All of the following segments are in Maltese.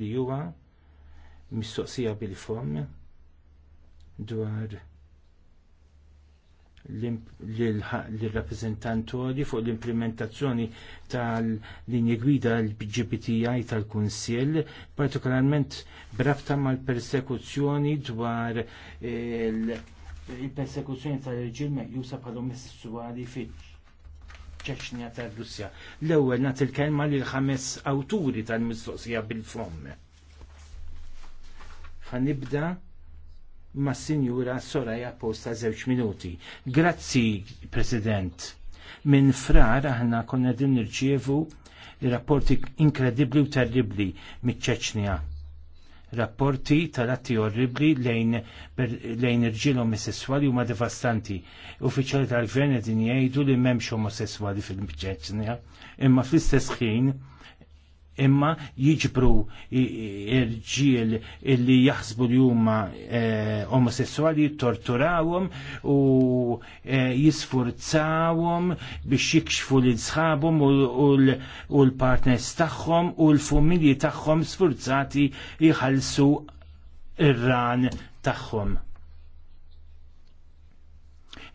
li huwa mistoqsija bil-fom dwar l-rappresentantori fuq l-implementazzjoni tal-linji gwida l-BGBTI tal-Kunsill, partikolarment brafta mal-persekuzzjoni dwar eh, il-persekuzzjoni tal-reġim meqjusa bħalhom sessuali fit ċeċnija tal-Russja. L-ewwel nagħti l-kelma lil ħames awturi tal-mistoqsija bil-fomm. Fanibda ma' sinjura Soraja Posta żewġ minuti. Grazzi, President. Minn frar aħna konna din nirċievu rapporti inkredibli u terribli miċ ċeċnija rapporti tal-atti orribli lejn, lejn irġiel omosessuali huma devastanti. Uffiċjali tal-gvern qegħdin jgħidu li m'hemmx omosessuali fil-ġeċnja, imma fl-istess ħin imma jiġbru irġiel illi jaħsbu li huma eh, omosessuali torturawhom u eh, jisfurzawhom biex jikxfu l sħabhom u l-partners tagħhom u l-familji tagħhom sfurzati jħallsu ir-ran tagħhom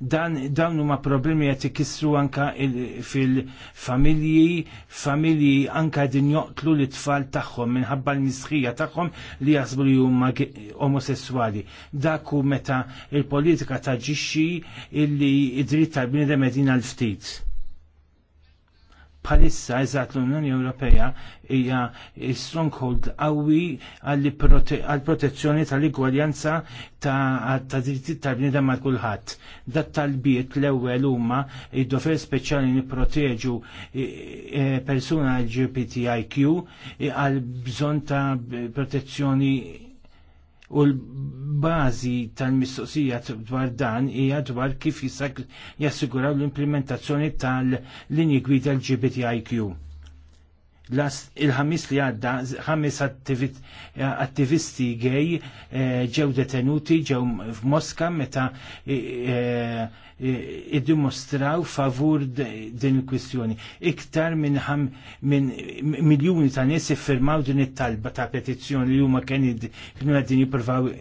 dan dawn huma problemi qed ikissru anka fil-familji, familji anka din joqtlu l-tfal tagħhom minħabba l-misħija tagħhom li jasbu li huma omosessuali. Dak hu meta il-politika taġixxi illi id-dritt tal-bniedem qegħdin għal ftit palissa eżat l-Unjoni Ewropea hija stronghold qawwi għall-protezzjoni tal-igwaljanza ta' diritti tal-bniedem ma' kulħadd. Dat tal-biet l-ewwel huma id-dofer speċjali nipproteġu e, e, persuna LGBTIQ e, għal bżonn ta' protezzjoni u l bażi tal-mistoqsija dwar dan hija dwar kif jassiguraw l-implementazzjoni tal-linji gwida l-GBTIQ il-ħamis li għadda, ħames attivisti gej eh, ġew detenuti ġew f'Moska meta eh, eh, iddimostraw favur din il-kwistjoni. Iktar minn miljoni ta' nies iffirmaw din it-talba ta' petizzjoni li huma kien kienu għaddin jippruvaw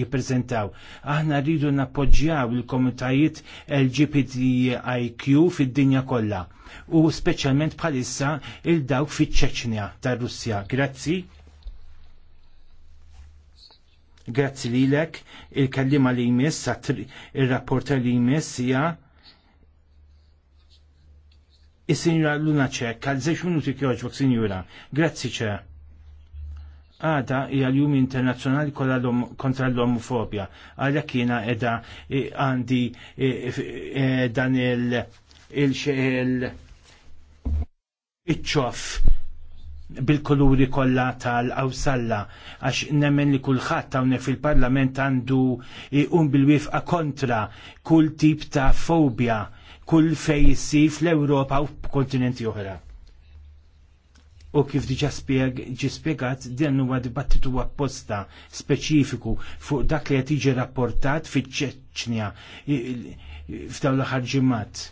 jippreżentaw. Aħna rridu nappoġġjaw il-komunitajiet LGBTIQ fid-dinja kollha u speċjalment bħalissa il-dawk fi ċeċnja tar Russja. Grazzi. Grazzi lilek, il kallima li jmiss, il-rapporta li jmiss hija is-sinjura Luna Ċek, għal żewġ minuti kjoġbok, sinjura. Grazzi ċe. Għada hija l-jum internazzjonali kontra l-omofobja. Għalhekk jiena qiegħda eh, għandi eh, eh, dan il- il-xeqel iċċof bil-koluri kollha tal-awsalla għax nemmen li kulħadd hawnhekk fil-Parlament għandu un bil-wifqa kontra kull tip ta' fobja kull fejsi fl-Ewropa u kontinenti oħra. U kif diġa ġi spiegat din huwa dibattitu apposta speċifiku fuq dak li qed jiġi rapportat fiċ-Ċeċnja f'dawn l-aħħar ġimgħat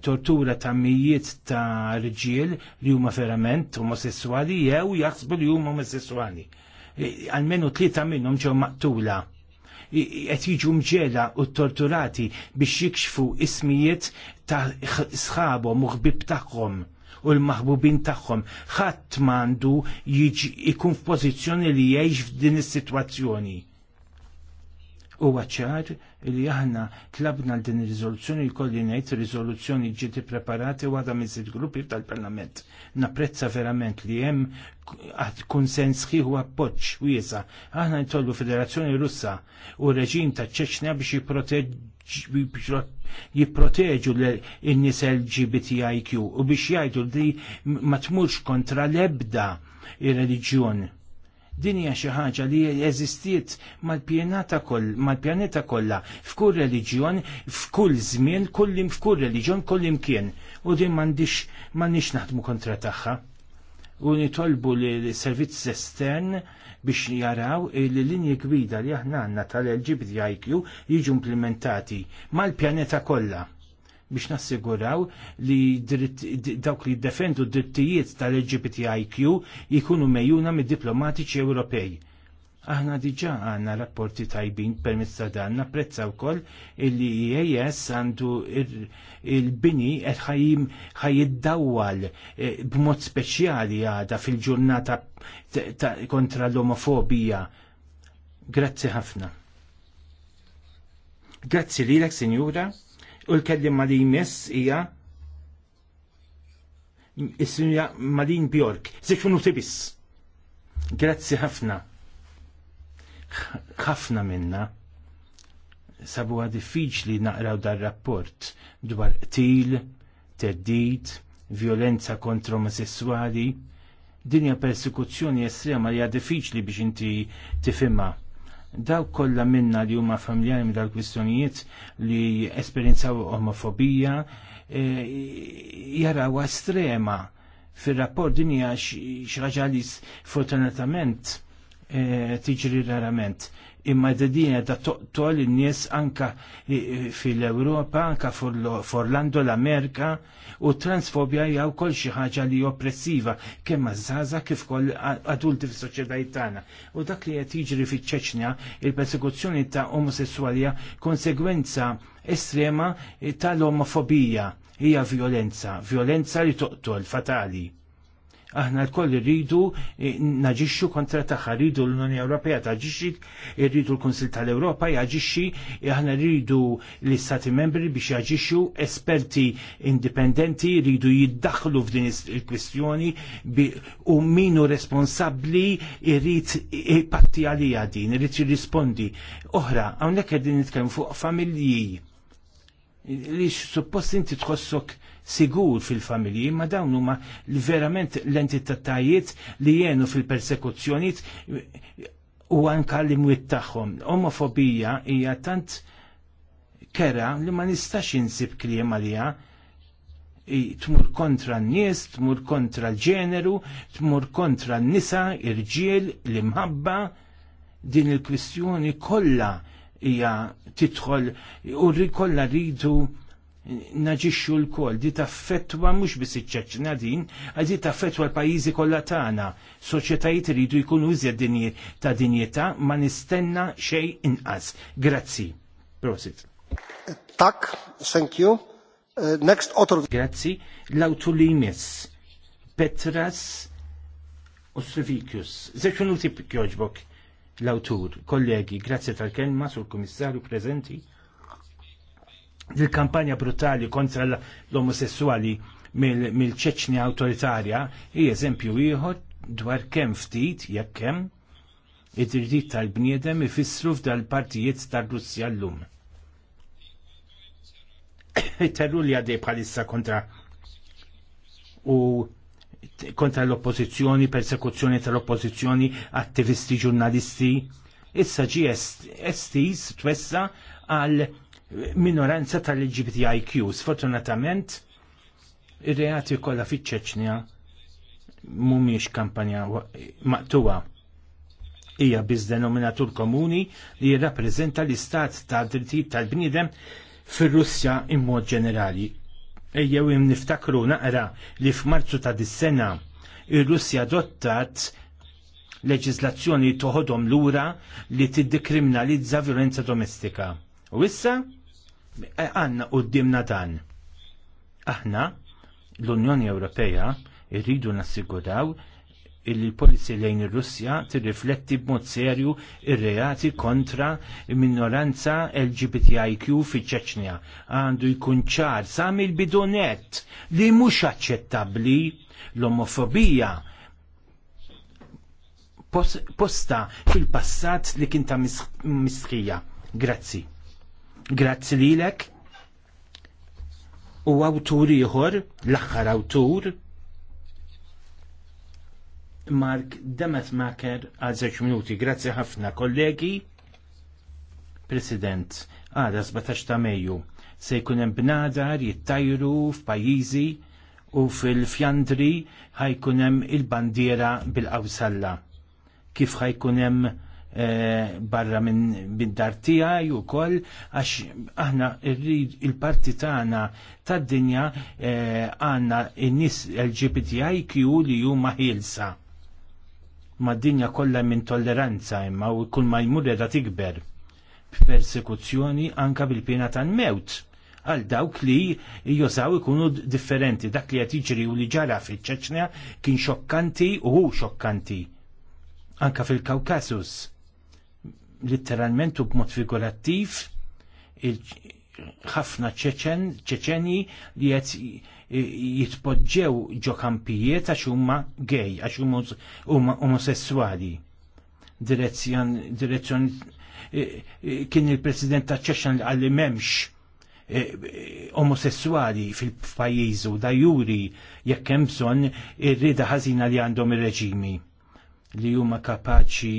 tortura ta' mijiet ta' rġiel li huma verament omosessuali jew jaħsbu li huma omosessuali. E, almenu tlieta minnhom ġew maqtula e, qed jiġu mġela u torturati biex jikxfu ismijiet ta' sħabhom u ħbib tagħhom u l-maħbubin tagħhom. Ħadd m'għandu jkun f'pożizzjoni li jgħix f'din is-sitwazzjoni. U ċar li aħna tlabna l din ir-riżoluzzjoni jkolli ngħid riżoluzzjoni ġiet ippreparati waħda minn il gruppi tal-Parlament. Napprezza verament li hemm għad kunsens ħieħu u wiesa. Aħna jtollu Federazzjoni Russa u reġim ta' ċeċna biex jipproteġġi l-nis LGBTIQ u biex jgħidu li ma tmurx kontra l-ebda ir-reliġjon Din hija xi ħaġa li eżistiet mal-pjaneta koll, mal-pjaneta kollha, f'kull reliġjon, f'kull żmien, kull f'kull reliġjon, kull imkien. U din m'għandix m'għandix naħdmu kontra tagħha. U nitolbu li servizz estern biex jaraw li linji gwida li aħna għandna tal-LGBTIQ jiġu implementati mal-pjaneta kollha biex nassiguraw li dawk li defendu drittijiet tal-LGBTIQ jikunu mejjuna mid diplomatiċi Ewropej. Aħna diġa għanna rapporti tajbin permezz ta' dan napprezza wkoll illi IAS e għandu il-bini qed ħajiddawwal e, b'mod speċjali għada fil-ġurnata kontra l-omofobija. Grazzi ħafna. Grazzi lilek, Sinjura. U l-kellim li jmiss hija is-sinja Malin Bjork. Zik minuti biss. Grazzi ħafna. ħafna minna sabu diffiċli naqraw dar rapport dwar qtil, teddid, violenza kontra omosessuali, dinja persekuzzjoni estrema li diffiċli biex inti tifimma daw kollha minna li huma familjari minn dal-kwistjonijiet li esperjenzaw omofobija e, jaraw estrema fir-rapport din hija xi ħaġa fortunatament e, tiġri rarament imma d dina da toqtol in-nies anka fil-Ewropa, anka f'Orlando l-Amerika u transfobja hija wkoll xi ħaġa li oppressiva kemm zaza kif kol adulti fis-soċjetajiet tagħna. U dak li qed jiġri fiċ-Ċeċnja il-persekuzzjoni ta' omosessualija konsegwenza estrema eh, tal-omofobija hija violenza, violenza li toqtol fatali. Aħna l-koll rridu eh, naġixxu kontra taħħa, rridu l-Unjoni Ewropea taġixxi, rridu l-Konsil tal-Ewropa jaġixxi, eh, aħna rridu l-Istati membri biex jaġixxu esperti indipendenti rridu jiddaħlu f'din il-kwistjoni u minu responsabbli irrid eh, patti għalija din, irrid jirrispondi. Oħra, hawnhekk qegħdin nitkellmu fuq familji li suppost inti tħossok sigur fil-familji, ma dawn huma verament l-entitajiet li jenu fil persekuzzjonijiet u anka li imwit tagħhom. Omofobija hija tant kera li ma nistax insib kliem għalija tmur kontra n-nies, tmur kontra l-ġeneru, tmur kontra n-nisa, irġiel, l-imħabba, din il-kwistjoni kollha hija tidħol u kollha rridu naġixxu l-kol, di ta' mhux mux iċ-ċeċna din, għal ta' taffettwa l-pajjiżi kollha tagħna. Soċjetajiet iridu jkunu iżjed ta' dinjità ma nistenna xejn inqas. Grazzi. Prosit. Tak, thank you. Uh, next author. Grazzi. L-awtu Petras Ostrovikius. Zeċunuti pjoġbok jogħġbok l-awtur, kollegi, grazzi tal-kelma sul-komissarju prezenti il kampanja brutali kontra l-omosessuali mill-ċeċnja autoritarja hi eżempju ieħor dwar kemm ftit jekk hemm id-dirdit tal-bniedem ifissru f'dal-partijiet tar-Russja llum. Terru li għadej bħalissa kontra u kontra l-oppozizjoni, persekuzzjoni tal-oppozizjoni, attivisti, ġurnalisti, issa ġi estis twessa għal minoranza tal-LGBTIQ. Sfortunatament, ir-reati kolla fiċ-ċeċnja mhumiex kampanja maqtuwa. Hija biż denominatur komuni li jirrappreżenta l-istat ta' drittijiet tal-bniedem fir-Russja immod ġenerali. Ejjew niftakru naqra li f'Marzu ta' dis-sena ir-Russja adottat leġislazzjoni toħodhom lura li tiddikriminalizza violenza domestika. U issa għanna u dimna dan. Aħna, l-Unjoni Ewropea, irridu nassiguraw il-polizzi lejn ir-Russja tirrifletti b'mod serju ir-reati kontra minoranza LGBTIQ fi ċeċnja. Għandu jkun ċar sam il-bidonet li mhux aċċettabbli l-omofobija posta fil-passat li kien ta' misħija. Grazzi. Grazzi lilek. U awtur ieħor, l-aħħar awtur, Mark Demetmaker għal żewġ minuti. Grazzi ħafna kollegi. President, għada 17 ta' Mejju se jkun hemm bnadar jittajru f'pajjiżi u fil-Fjandri ħajkun hemm il-bandiera bil-qawsalla. Kif ħajkun hemm Eh, barra minn bid-dar tiegħi wkoll għax aħna il-parti tagħna tad-dinja eh, għandna n-nies LGBTIQ li huma ħielsa. Ma d-dinja kollha minn tolleranza imma u kull ma jmur qiegħda tikber persekuzzjoni anka bil-pena tal-mewt għal dawk li jużaw ikunu differenti. Dak li qed jiġri u li ġara fiċ-ċeċnja kien xokkanti u hu xokkanti. Anka fil-Kawkasus literalment u b'mod figurattiv ħafna ċeċen, ċeċeni li jett jitpoġġew ġo kampijiet għax huma gej, għax huma omosessuali. Direzzjon, direzzjon, e, e, kien il-president ta' ċeċen li għalli memx e, omosessuali fil-pajizu da juri jekk hemm bżonn ir-rida ħażina li għandhom ir-reġimi li huma kapaċi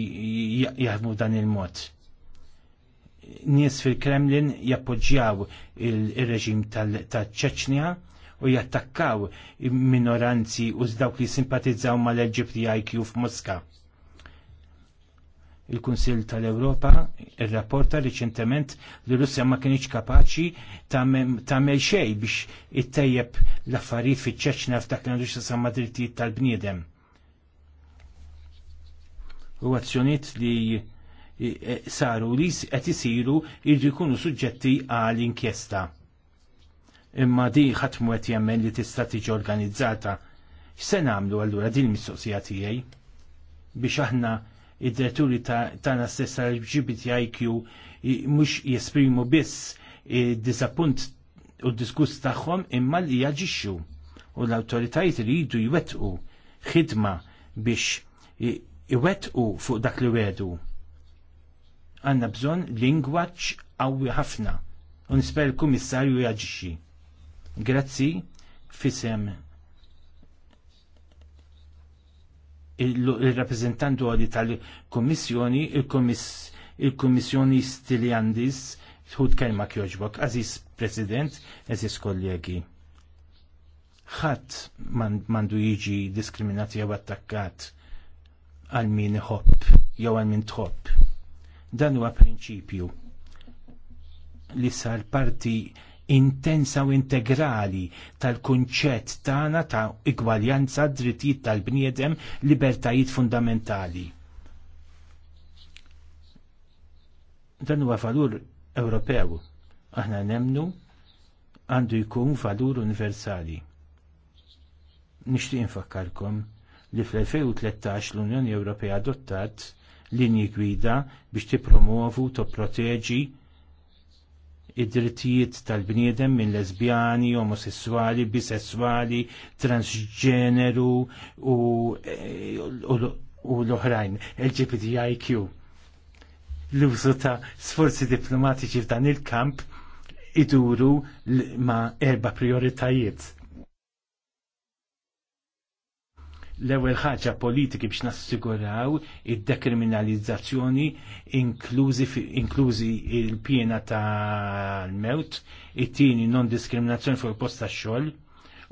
jaħdmu dan il-mod. Nies fil-Kremlin jappoġġjaw il-reġim tal-ċeċnja u jattakkaw minoranzi u dawk li simpatizzaw mal-LGBTIQ f'Moska. Il-Kunsil tal-Ewropa rrapporta riċentement li Russja ma kienx kapaċi tagħmel xejn biex ittejjeb l-affarijiet fiċ-ċeċna f'dak li għandux sa' drittijiet tal-bniedem u azzjoniet li e, saru li qed isiru irdu jkunu suġġetti għal inkjesta. Imma di ħatmu qed jemmen li tista' tiġi organizzata. X'se nagħmlu allura din mistoqsija tiegħi biex aħna id dretturi tagħna stessa LGBTIQ mhux jesprimu biss id-disappunt u d-diskuss tagħhom imma li jaġixxu u l-awtoritajiet li jridu jwettqu ħidma biex iwettqu fuq dak li wedu. Għanna bżon lingwaċ qawwi ħafna u nisper il-kummissarju jaġixxi. Grazzi fisem il-rappresentantu għadi tal-Kommissjoni, il-Kommissjoni il Stiliandis, tħud kelma kjoġbok, għaziz President, għaziz kollegi. ħadd mandu jiġi diskriminati jew attakkat għal min iħobb jew għal min tħobb. Dan huwa prinċipju li sar parti intensa u integrali tal-kunċett tagħna ta' igwaljanza drittijiet tal-bniedem libertajiet fundamentali. Dan huwa valur Ewropew. Aħna nemnu għandu jkun valur universali. Nixtieq infakkarkom li fl-2013 l-Unjoni Ewropea adottat linji gwida biex u topproteġi id-drittijiet tal-bniedem minn lesbjani, omosessuali, bisessuali, transġeneru u, u, u l-oħrajn LGBTIQ. L-użu ta' sforzi diplomatiċi f'dan il-kamp iduru ma' erba prioritajiet l-ewwel ħaġa politiki biex nassiguraw id-dekriminalizzazzjoni inklużi il-pjena tal-mewt, it-tieni non-diskriminazzjoni fuq il posta tax-xogħol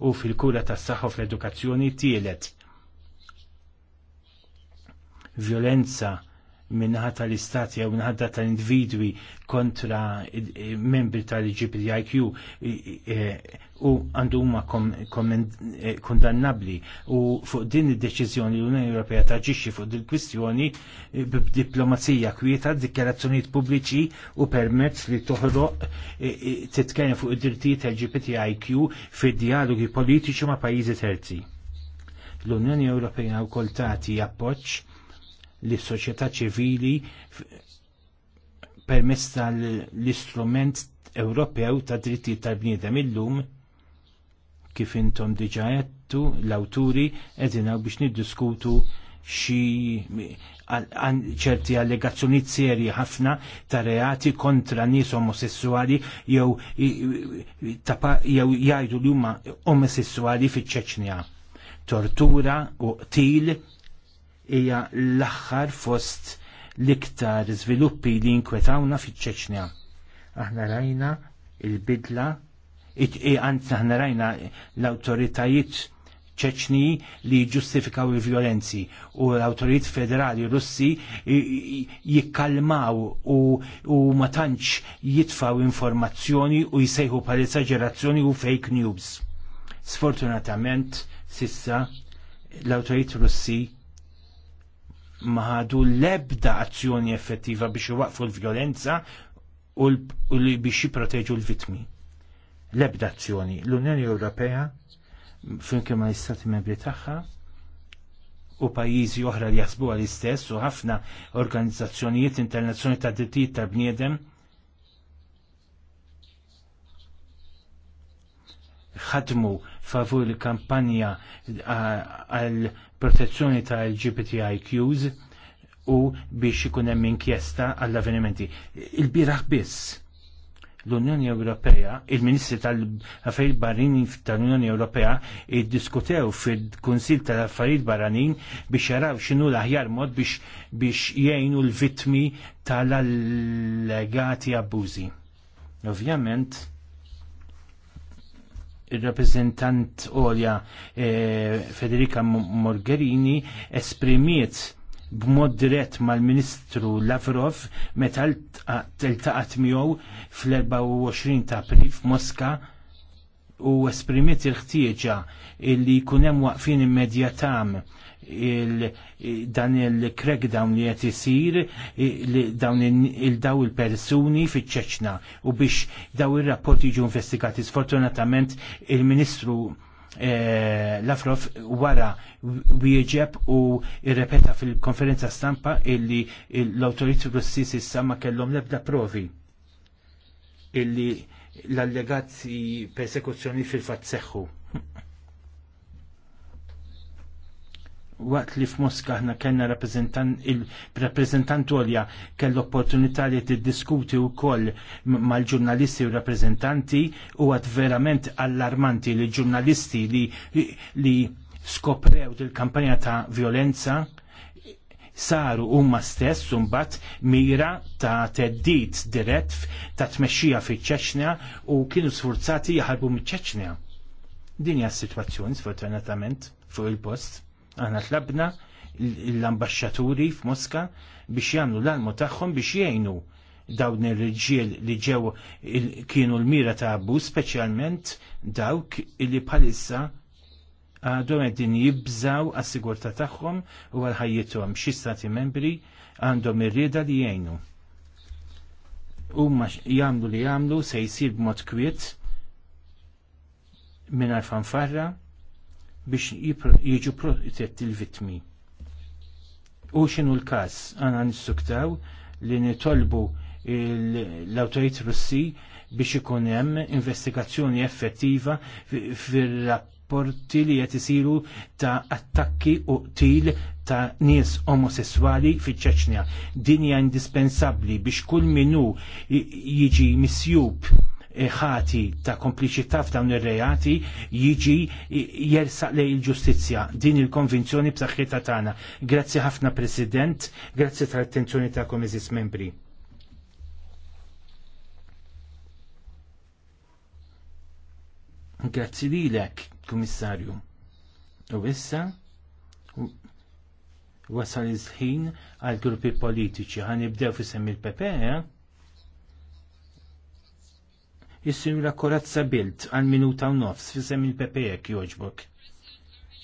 u fil-kura tas-saħħa fl-edukazzjoni tielet. Violenza minnaħat tal-istati jew minnaħat tal-individwi kontra eh, membri tal-GPDIQ eh, u għandu huma eh, kondannabli u fuq din id-deċiżjoni l-Unjoni Ewropea taġixxi fuq din kwistjoni b'diplomazija kwieta dikjarazzjoniet pubbliċi u permezz li toħroq titkellem fuq id-drittijiet tal-GPTIQ fid-dialogi politiċi ma' pajjiżi terzi. L-Unjoni Ewropea wkoll koltati appoġġ li soċjetà ċivili permess tal-istrument Ewropew ta' drittijiet tal-bniedem illum kif intom diġa għettu l-awturi edinaw biex niddiskutu xi ċerti allegazzjonijiet serji ħafna ta' reati kontra nies omosessuali jew jgħidu li huma omosessuali fiċ-Ċeċnja. Tortura u qtil hija l-aħħar fost l-iktar żviluppi li nkwetawna fiċ-Ċeċnja. Aħna rajna il-bidla, aħna aħna rajna l-awtoritajiet ċeċni li ġustifikaw il-violenzi u l-autoritet federali russi jikkalmaw u, u ma tantx jitfaw informazzjoni u jsejħu pal esagerazzjoni u fake news. Sfortunatament, sissa l-autoritet russi maħadu l-ebda azzjoni effettiva biex iwaqfu l-violenza u biex jiproteġu l-vitmi. L-ebda azzjoni. L-Unjoni Ewropea, finke ma l-Istati Membri tagħha, u pajjiżi oħra li jasbu għal-istess u ħafna organizzazzjonijiet internazzjoni ta' drittijiet ta' bniedem ħadmu favur il-kampanja għal protezzjoni ta' LGBTIQs u biex ikun hemm inkjesta għall-avvenimenti. Il-biraħ biss l-Unjoni Ewropea, il-Ministri tal-Affarijiet Barranin tal-Unjoni Ewropea jiddiskutew fil-Kunsil tal-Affarijiet Barranin biex jaraw x'inhu l-aħjar mod biex biex jgħinu l-vittmi tal-allegati abbużi. Ovvjament, il reprezentant Olja eh, Federica Morgherini esprimiet b'mod dirett mal-Ministru Lavrov meta l-taqat miegħu fl-24 ta' April f'Mosca u esprimiet il-ħtieġa illi jkun hemm waqfin immedjatam il, dan il-crackdown li qed isir li dawn il-daw il-persuni fiċ-ċeċna u biex daw ir-rapporti jiġu investigati. Sfortunatament il-Ministru eh, Lafrov wara wieġeb u irrepeta fil-konferenza stampa illi l-autoriti russisi s ma kellhom l-ebda provi illi l-allegati persekuzzjoni fil fatseħu seħħu. waqt li f'Mosca aħna kellna il-rappreżentant għolja kell opportunità li tiddiskuti wkoll mal-ġurnalisti u rappreżentanti u għad verament allarmanti li ġurnalisti li, li skoprew il-kampanja ta' violenza saru huma stess mbagħad mira ta' teddit dirett ta' tmexxija fiċ-Ċeċnja u kienu sfurzati jaħarbu miċ-Ċeċnja. Din hija s-sitwazzjoni sfortunatament fuq il-post Aħna tlabna l-ambasċaturi f'Mosca biex jagħmlu l-almu tagħhom biex jgħinu dawn ir-riġiel li ġew kienu l-mira ta' abbuż speċjalment dawk li bħalissa għadhom qegħdin jibżaw għas-sigurtà tagħhom u għal ħajjithom xi stati membri għandhom ir-rieda li jgħinu. Huma jagħmlu li jagħmlu se jsir b'mod kwiet mingħajr fanfarra biex jiġu protetti l-vitmi. U xinu l-kas, għana nissuktaw li nitolbu l-autorit russi biex ikun hemm investigazzjoni effettiva fir-rapporti li qed isiru ta' attakki u til ta' nies omosessuali fiċ ċeċnja Din hija indispensabbli biex kull minu jiġi misjub ħati ta' kompliċità f'dawn ir-reati jiġi jersaq lej il-ġustizzja. Din il-konvinzjoni b'saħħitha tagħna. Grazzi ħafna President, grazzi tal-attenzjoni ta' komizis membri. Grazzi lilek, Kummissarju. U issa wasal iż-ħin għal gruppi politiċi. Ħanibdew fis semmi l-PPE, eh? Is-Sinjura Korazza Bilt għal minuta u nofs fisem il-PPEK joġbok.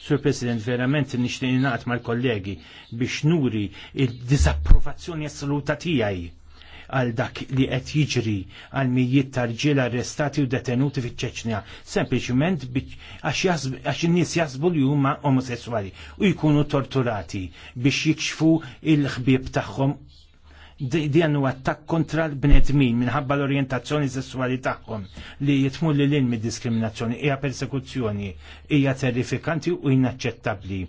Sur President, verament nishtini naqt mal-kollegi biex nuri il-disapprovazzjoni assoluta tiegħi għal dak li qed jiġri għal mijiet ta' arrestati u detenuti fiċ-Ċeċnja, sempliċiment għax in-nies jasbu li huma omosessuali u jkunu torturati biex jikxfu il-ħbieb tagħhom di għannu attak kontra l-bnedmin minħabba l-orientazzjoni sessuali tagħhom li jitmur li l-in diskriminazzjoni hija persekuzzjoni hija terrifikanti u inaċċettabbli.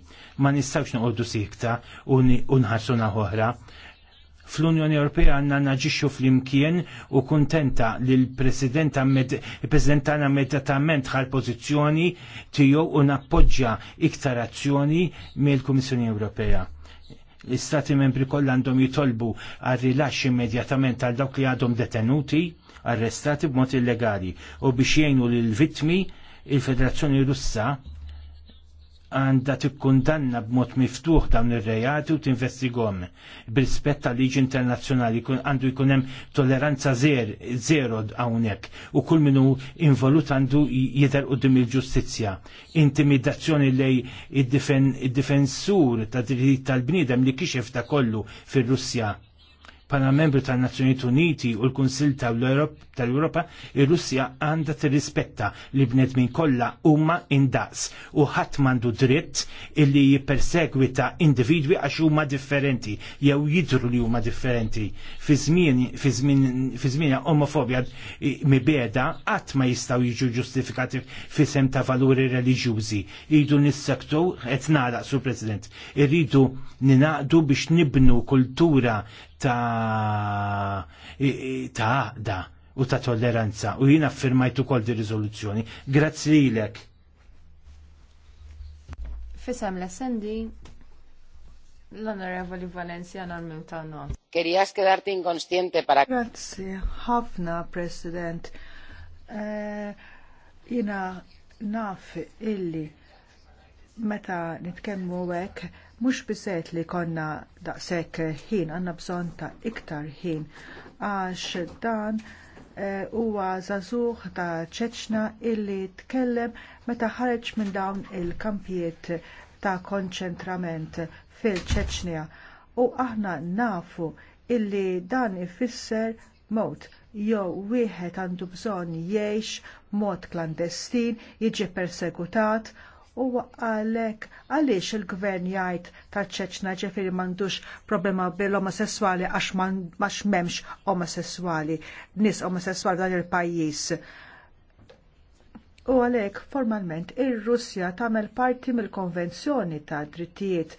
Ma nistawx noqogħdu sikta u nħarsuna oħra. Fl-Unjoni Ewropea għandna naġixxu fl-imkien u kuntenta li l-President tagħna immediatament ħal pożizzjoni tiegħu u nappoġġja iktar azzjoni mill-Kummissjoni Ewropea l-istati membri kollha għandhom jitolbu għal rilax immedjatament għal dawk li għadhom detenuti, arrestati b'mod illegali u biex jgħinu lill vittmi il-Federazzjoni Russa għanda tikkundanna b'mod miftuħ dawn ir-rejati u t-investigom bil-rispett tal-liġi internazzjonali għandu jkun hemm tolleranza zero hawnhekk u kull minnu involut għandu jidher dim il-ġustizzja. Intimidazzjoni lej id-difensur ta' dritt tal-bniedem li kixef ta' kollu fir-Russja Pala membru tal-Nazzjonijiet Uniti u l-Kunsil tal-Europa, ir-Russja għandha tirrispetta li bnedmin kollha huma indaqs u ħadd m'għandu dritt illi jippersegwita individwi għax huma differenti jew jidru li huma differenti. Fi żmien omofobja mibeda qatt ma jistgħu jiġu ġustifikati fisem ta' valuri reliġjużi. Idu nissektu qed sur President. Irridu ninaqdu biex nibnu kultura ta' ta' u ta' tolleranza u jina firmajtu kol di rizoluzzjoni. Grazzi lilek. Fisam l-essendi l-Onorevoli Valencia nal ta' no. Kerijas kedarti inkonstiente para. Grazzi, ħafna, President. Uh, jina naf illi meta nitkemmu hekk Mhux biset li konna daqshekk ħin, għandna bżonn ta' iktar ħin għax dan e, huwa e, żagħżugħ ta' ċeċna illi tkellem meta ħareġ minn dawn il-kampijiet ta' konċentrament fil-ċeċnija u aħna nafu illi dan ifisser mod jew wieħed għandu bżonn jgħix mod klandestin, jiġi persegutat U għalek, għaliex il-gvern jgħid taċċeċna ġifiri mandux problema bil-omosessuali għax max memx omosessuali, nis omosessuali dan il-pajis. U għalek, formalment, il-Russja tamel parti mill-konvenzjoni ta' drittijiet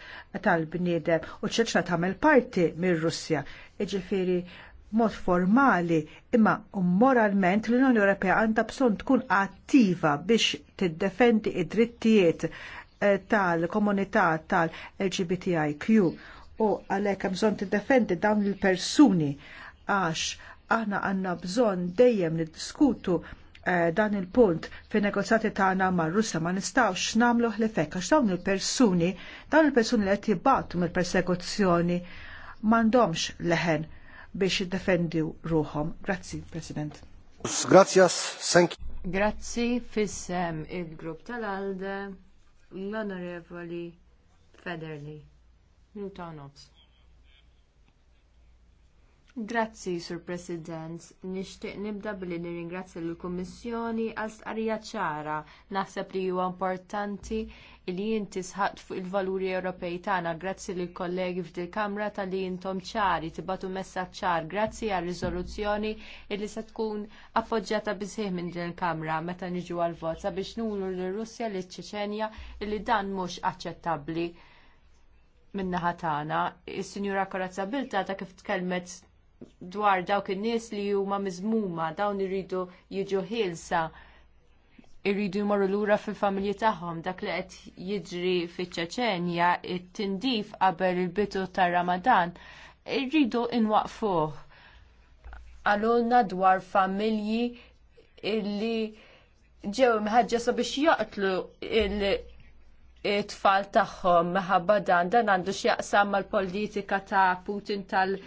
tal-bniedem u ċeċna tamel parti mill-Russja. Ġifiri, e mod formali imma moralment l-Unjoni Ewropea għandha bżonn tkun attiva biex tiddefendi id-drittijiet eh, tal-komunità tal-LGBTIQ u għalhekk hemm bżonn tiddefendi dawn il-persuni għax aħna għandna bżonn dejjem niddiskutu eh, dan il-punt fi negozjati tagħna mar Russja ma nistgħux nagħmlu ħlifek għax dawn il-persuni, dawn il-persuni li qed jibgħatu mill-persekuzzjoni m'għandhomx leħen biex jiddefendi ruhom. Grazzi, President. Grazzjas, thank you. Grazzi fissem il-grupp tal-Alde l-Onorevoli Federli. Newton Ops. Grazzi, Sur President. Nixtieq nibda billi nirringrazzja lill kummissjoni għal starija ċara. Naħseb li huwa importanti li inti sħat fuq il-valuri Ewropej tagħna. Grazzi lill kollegi f'dil Kamra ta' li intom ċari, tibatu messaġġ ċar. Grazzi għal riżoluzzjoni li se tkun appoġġjata bisħieħ minn din il-Kamra meta niġu għal vot sabiex nuru lir-Russja li ċeċenja li dan mhux aċċettabbli min-naħa tagħna. Is-Sinjura Korazza Bilta ta' kif tkellmet dwar dawk in-nies li huma miżmuma dawn iridu jiġu ħilsa, irridu jmorru lura fil-familji tagħhom dak li qed jiġri fiċ-Ċeċenja it-tindif qabel il-bitu tar-Ramadan irridu inwaqfuh. Għalonna dwar familji illi ġew imħaġġesa biex jaqtlu il-tfal tagħhom minħabba dan dan għandu x'jaqsam mal-politika ta' Putin tal-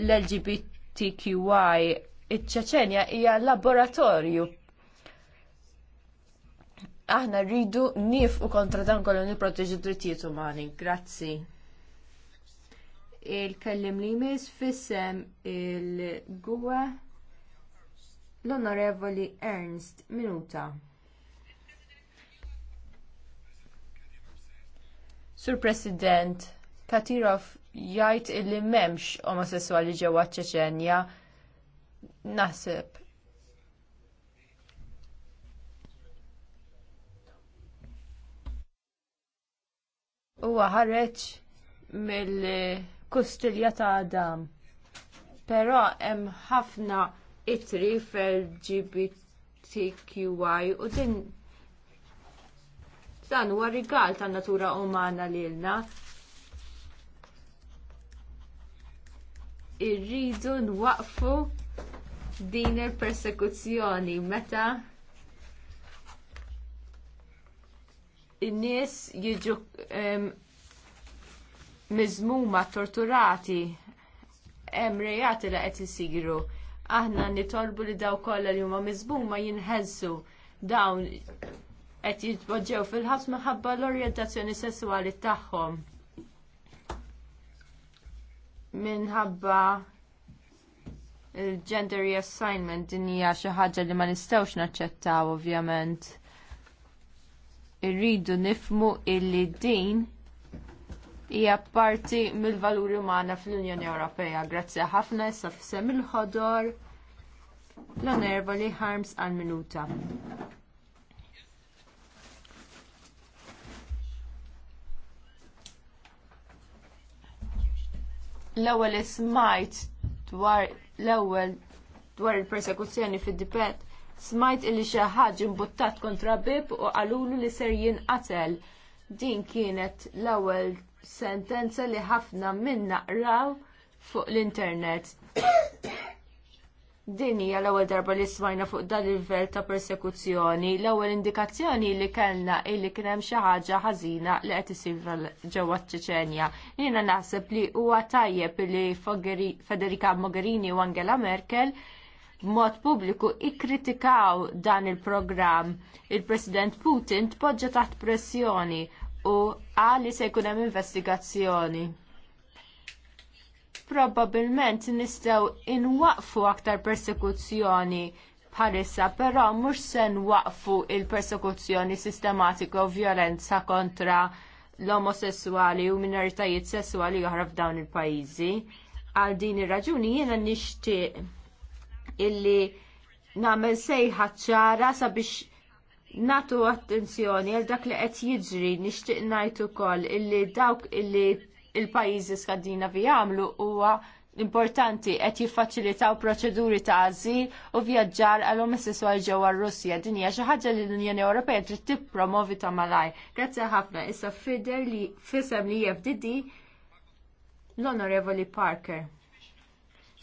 l-LGBTQI. Iċ-ċeċenja hija laboratorju aħna rridu nif u kontra dan kollu niproteġu drittijiet umani. Grazzi. Il-kellim li jmiss fissem il gwe l-onorevoli Ernst Minuta. Sur President, Katirov jgħid illi m'hemmx omosessuali ġewwa ċeċenja naħseb huwa ħareġ mill-kustilja ta' Adam. Però hemm ħafna itri fil-GBTQI u din dan huwa rigal tan natura umana lilna irridu nwaqfu din il-persekuzzjoni meta in-nies jiġu um, miżmuma torturati hemm rejati li qed isiru. Aħna nitolbu li daw kollha li huma miżmuma jinħelsu dawn qed jitpoġġew fil-ħabs minħabba l-orjentazzjoni sesswali tagħhom minħabba il-gender reassignment din hija xi ħaġa li ma nistgħux naċċettaw ovvjament. Irridu nifmu illi din hija parti mill-valuri umana fl-Unjoni Ewropea. Grazzi ħafna issa f'sem il-ħodor l-onerva li ħarms għal minuta. l-ewwel smajt dwar l-ewwel dwar il-persekuzzjoni fid-dipet smajt illi xi ħaġa imbuttat kontra bib u qalulu li ser jinqatel. Din kienet l-ewwel sentenza li ħafna minna qraw fuq l-internet. Din hija l-ewwel darba li smajna fuq dan il-livell ta' persekuzzjoni, l-ewwel indikazzjoni li kellna illi kien hemm xi ħaġa ħażina li qed isir ġewwa ċeċenja. Jiena naħseb li huwa tajjeb li Federica Mogherini u Angela Merkel b'mod pubbliku ikkritikaw dan il-programm. Il-President Putin tpoġġa taħt pressjoni u qal li se jkun hemm investigazzjoni probabbilment nistgħu inwaqfu aktar persekuzzjoni bħalissa, però mhux se nwaqfu l persekuzzjoni sistematika u vjolenza kontra l-omosessuali u minoritajiet sesswali oħra f'dawn il-pajjiżi. Għal din ir-raġuni jiena nixtieq illi nagħmel sejħa ċara sabiex natu attenzjoni għal dak li qed jiġri nixtieq ngħid ukoll illi dawk illi il-pajjiżi skandinavi jagħmlu huwa importanti qed jiffaċilitaw proċeduri ta' ażil u vjaġġar għal omosessual ġewwa r-Russja. Din hija xi ħaġa li l-Unjoni Ewropea trid tippromovi ta' malaj. Grazzi ħafna issa fider li fisem li FDD l-Onorevoli Parker.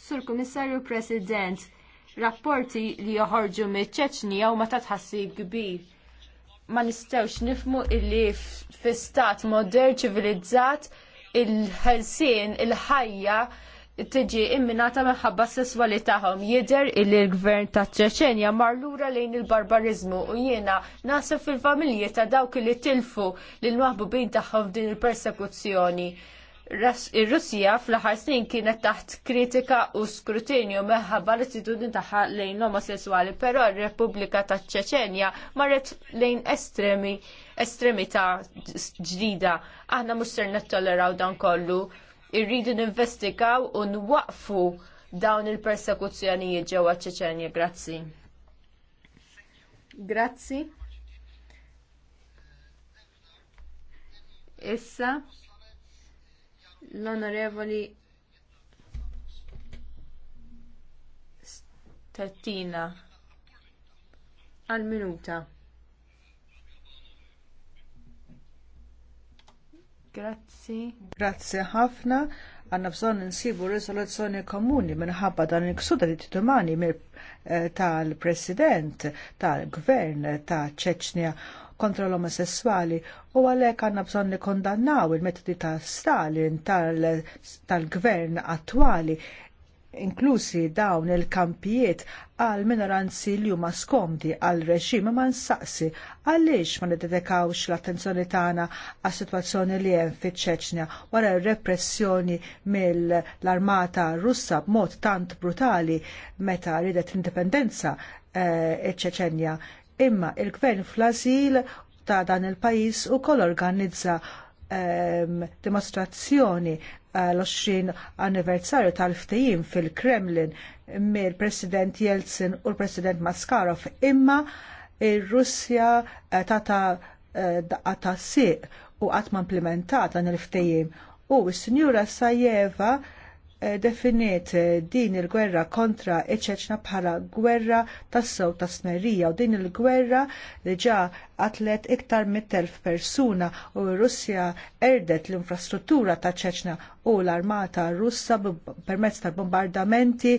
Sur Kummissarju President, rapporti li joħorġu miċ u ma ta' tħassib kbir ma nistgħux nifmu illi fi stat modern ċivilizzat il-ħelsien, il-ħajja tiġi imminata minħabba s-sessuali taħom. Jider il-gvern ta' ċeċenja marlura lejn il-barbarizmu u jiena nasib fil-familji ta' dawk li tilfu l-nwaħbu bejn tagħhom din il-persekuzzjoni. Ir-Russija fl-aħħar snin kienet taħt kritika u skrutinju meħħabba l-attitudni tagħha lejn l-omosessuali, però r-Repubblika taċ ċeċenja marret lejn estremi estremita ġdida. Aħna mhux ser nettoleraw dan kollu. Irridu ninvestigaw u nwaqfu dawn il-persekuzzjonijiet ġewwa ċeċenja. Grazzi. Grazzi. Issa l-onorevoli Tartina għal minuta. Grazzi. Grazzi ħafna. Għanna bżon nsibu risoluzzjoni komuni minħabba dan il-ksuda li titumani eh, tal-president, tal-gvern, ta' ċeċnija kontra l-omosessuali u għalek għanna bżon li kondannaw il-metodi ta' Stalin tal-gvern attwali inklusi dawn il-kampijiet għal minoranzi li huma skomdi għal reġim ma nsaqsi għaliex ma nededekawx l-attenzjoni tagħna għas sitwazzjoni li hemm fiċ-Ċeċnja wara r-repressjoni mill-armata Russa b'mod tant brutali meta ridet l-indipendenza eh, ċeċenja. Imma l gvern fl-azil ta' dan il-pajis ukoll organizza ehm, dimostrazzjoni l-20 anniversarju tal-ftehim fil-Kremlin mill-President Jeltsin u l-President Maskarov imma il russja eh, tata eh, daqqa ta' siq u qatt ma implementat dan il-ftehim u s-Sinjura Sajeva eh, definiet din il-gwerra kontra iċeċna bħala gwerra tas sew tas smerija u din il-gwerra li ġa qatlet iktar mit-telf persuna u r-Russja erdet l-infrastruttura ta' ċeċna u l-armata russa permezz tal-bombardamenti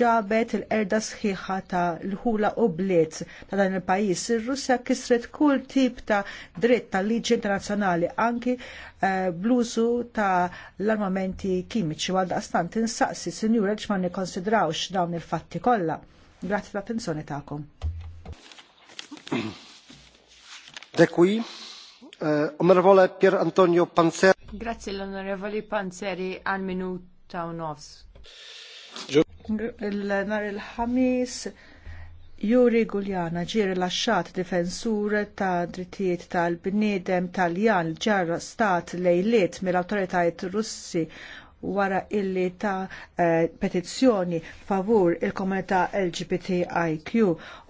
ġabet il-erda sħiħa ta' l-ħula u bliet ta' dan il-pajis. Ir-Russja kisret kull tip ta' dritt tal-liġi internazzjonali anki uh, eh, bluzu ta' l-armamenti kimiċi għal daqstant insaqsi sinjura ma' nikkonsidrawx dawn il-fatti kollha. Grazzi l attenzjoni tagħkom. Dekwi, onorevole Pier Antonio Panzeri. Grazie l-onorevoli Panzeri għal minuta u nofs. Il-nar il-ħamis Juri Guljana ġie rilaxxat difensur ta' drittijiet tal-bniedem Taljan ġarra stat lejliet mill-awtoritajiet Russi wara illi ta' eh, petizzjoni favur il-komunità LGBTIQ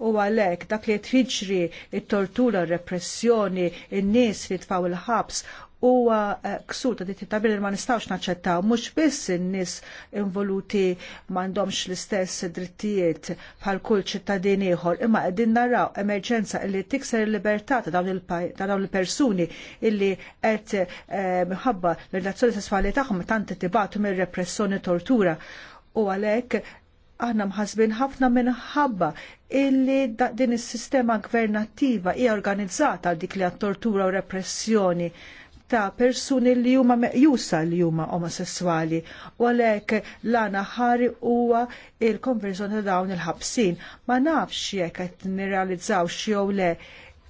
u għalhekk dak li tfiġri it-tortura, repressjoni, in-nies li tfaw il-ħabs huwa eh, ksur ta' ditti tabir ma nistgħux naċċettaw mhux biss in-nies involuti m'għandhomx l-istess drittijiet bħal kull ċittadin ieħor, imma qegħdin naraw emerġenza li tikser il-libertà ta' dawn il-persuni illi qed eh, minħabba l-relazzjoni sesswali tagħhom tant tibatu mir-repressjoni tortura u għalek aħna mħasbin ħafna minħabba illi din is-sistema governattiva hija organizzata għal dik li għat tortura u repressjoni ta' persuni li huma meqjusa li huma omosessuali u għalhekk l-għana ħari huwa il konverżjoni ta' dawn il-ħabsin. Ma nafx jekk qed nirrealizzaw jew le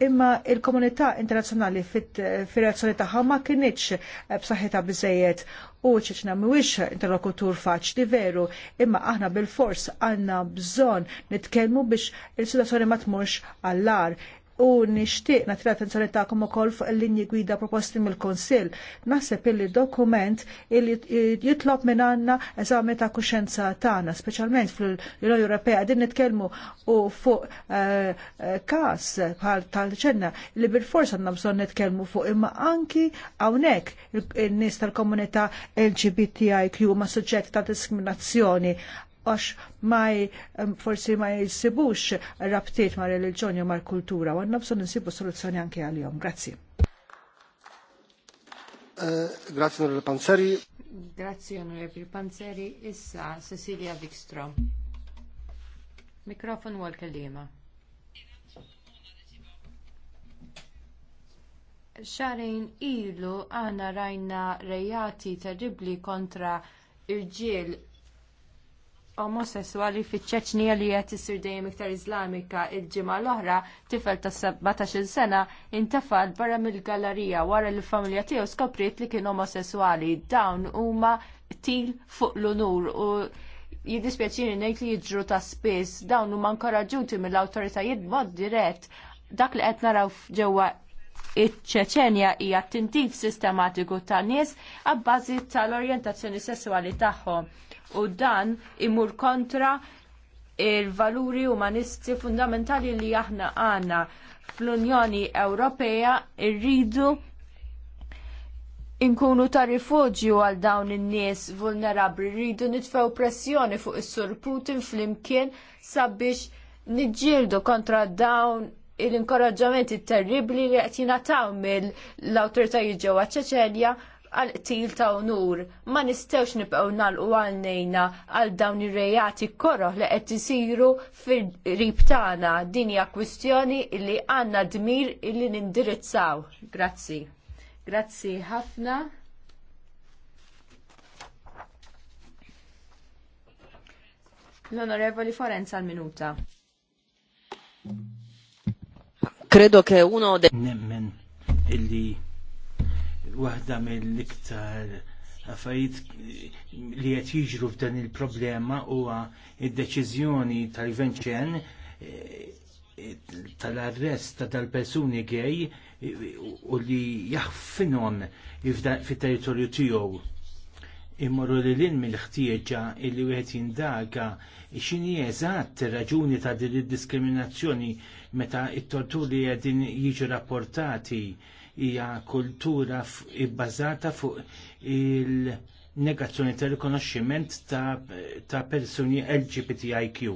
imma il-komunità internazzjonali fir-reazzjoni tagħha ma kinitx b'saħħitha biżejjed u ċiċna mhuwiex interlokutur faċli veru, imma aħna bil-fors għandna bżonn nitkellmu biex il-situazzjoni ma tmurx għall-ar u nixtieq nagħti l-attenzjoni tagħkom ukoll fuq il-linji gwida proposti mill-Kunsill. Naħseb illi dokument illi jitlob minn għandna eżami ta' kuxenza tagħna, speċjalment fl-Unjoni Ewropea din nitkellmu u fuq eh, każ bħal tal-ċenna li bil-fors għandna bżonn nitkellmu fuq imma anki hawnhekk in-nies tal-komunità LGBTIQ ma' suġġett ta' diskriminazzjoni għax maj, forsi ma jisibux rabtiet ma' religjoni u ma kultura u għanna bżon insibu soluzzjoni anke għal-jom. Grazzi. Eh, Grazzi, onorevole Panzeri. Grazzi, onorevole Panzeri. Issa Cecilia Wikstrom. Mikrofon u għal kellima. xarejn ilu għana rajna rejati terribli kontra irġiel omosessuali fiċ-ċeċnija li qed isir dejjem iktar izlamika il-ġimgħa l-oħra tifel ta' 17-il sena intefad barra mill-gallerija wara li l-familja tiegħu skopriet li kien omosessuali. Dawn huma til fuq l-unur u jiddispjaċini ngħid li jiġru ta' spiss dawn huma nkoraġuti mill-awtoritajiet b'mod dirett dak li qed naraw ġewwa iċ-ċeċenja hija tintif sistematiku tan nies għabbażi tal-orjentazzjoni sesswali tagħhom u dan imur kontra il-valuri umanisti fundamentali li aħna għana fl-Unjoni Ewropea irridu inkunu ta' rifugju għal dawn in-nies vulnerabri, rridu nitfew pressjoni fuq is-Sur Putin flimkien sabiex niġġieldu kontra dawn il-inkoraġġamenti terribli li qed jingħataw mill-awtoritajiet ġewwa Ċeċenja għal-qtil ta' unur, ma nistewx nibqgħu nagħlqu għalnejna għal dawn ir-rejati korroħ li qed isiru fir-rib tagħna. Din hija kwistjoni li għandna dmir illi nindirizzaw. Grazzi. Grazzi ħafna. L-Onorevoli Forenza għal minuta. Credo che uno de... Nemmen illi waħda mill-iktar affarijiet li qed jiġru f'dan il-problema huwa id-deċiżjoni tal-Venċen eh, tal-arrest ta' dal-persuni gej eh, u li jaħfinhom fit-territorju tiegħu immorru li l-in mill-ħtieġa illi wieħed jindaga x'inhi eżatt ir-raġuni ta' din id-diskriminazzjoni meta t torturi qegħdin jiġu rapportati hija kultura bbażata fuq il-negazzjoni ta' rikonoxximent ta', ta persuni LGBTIQ.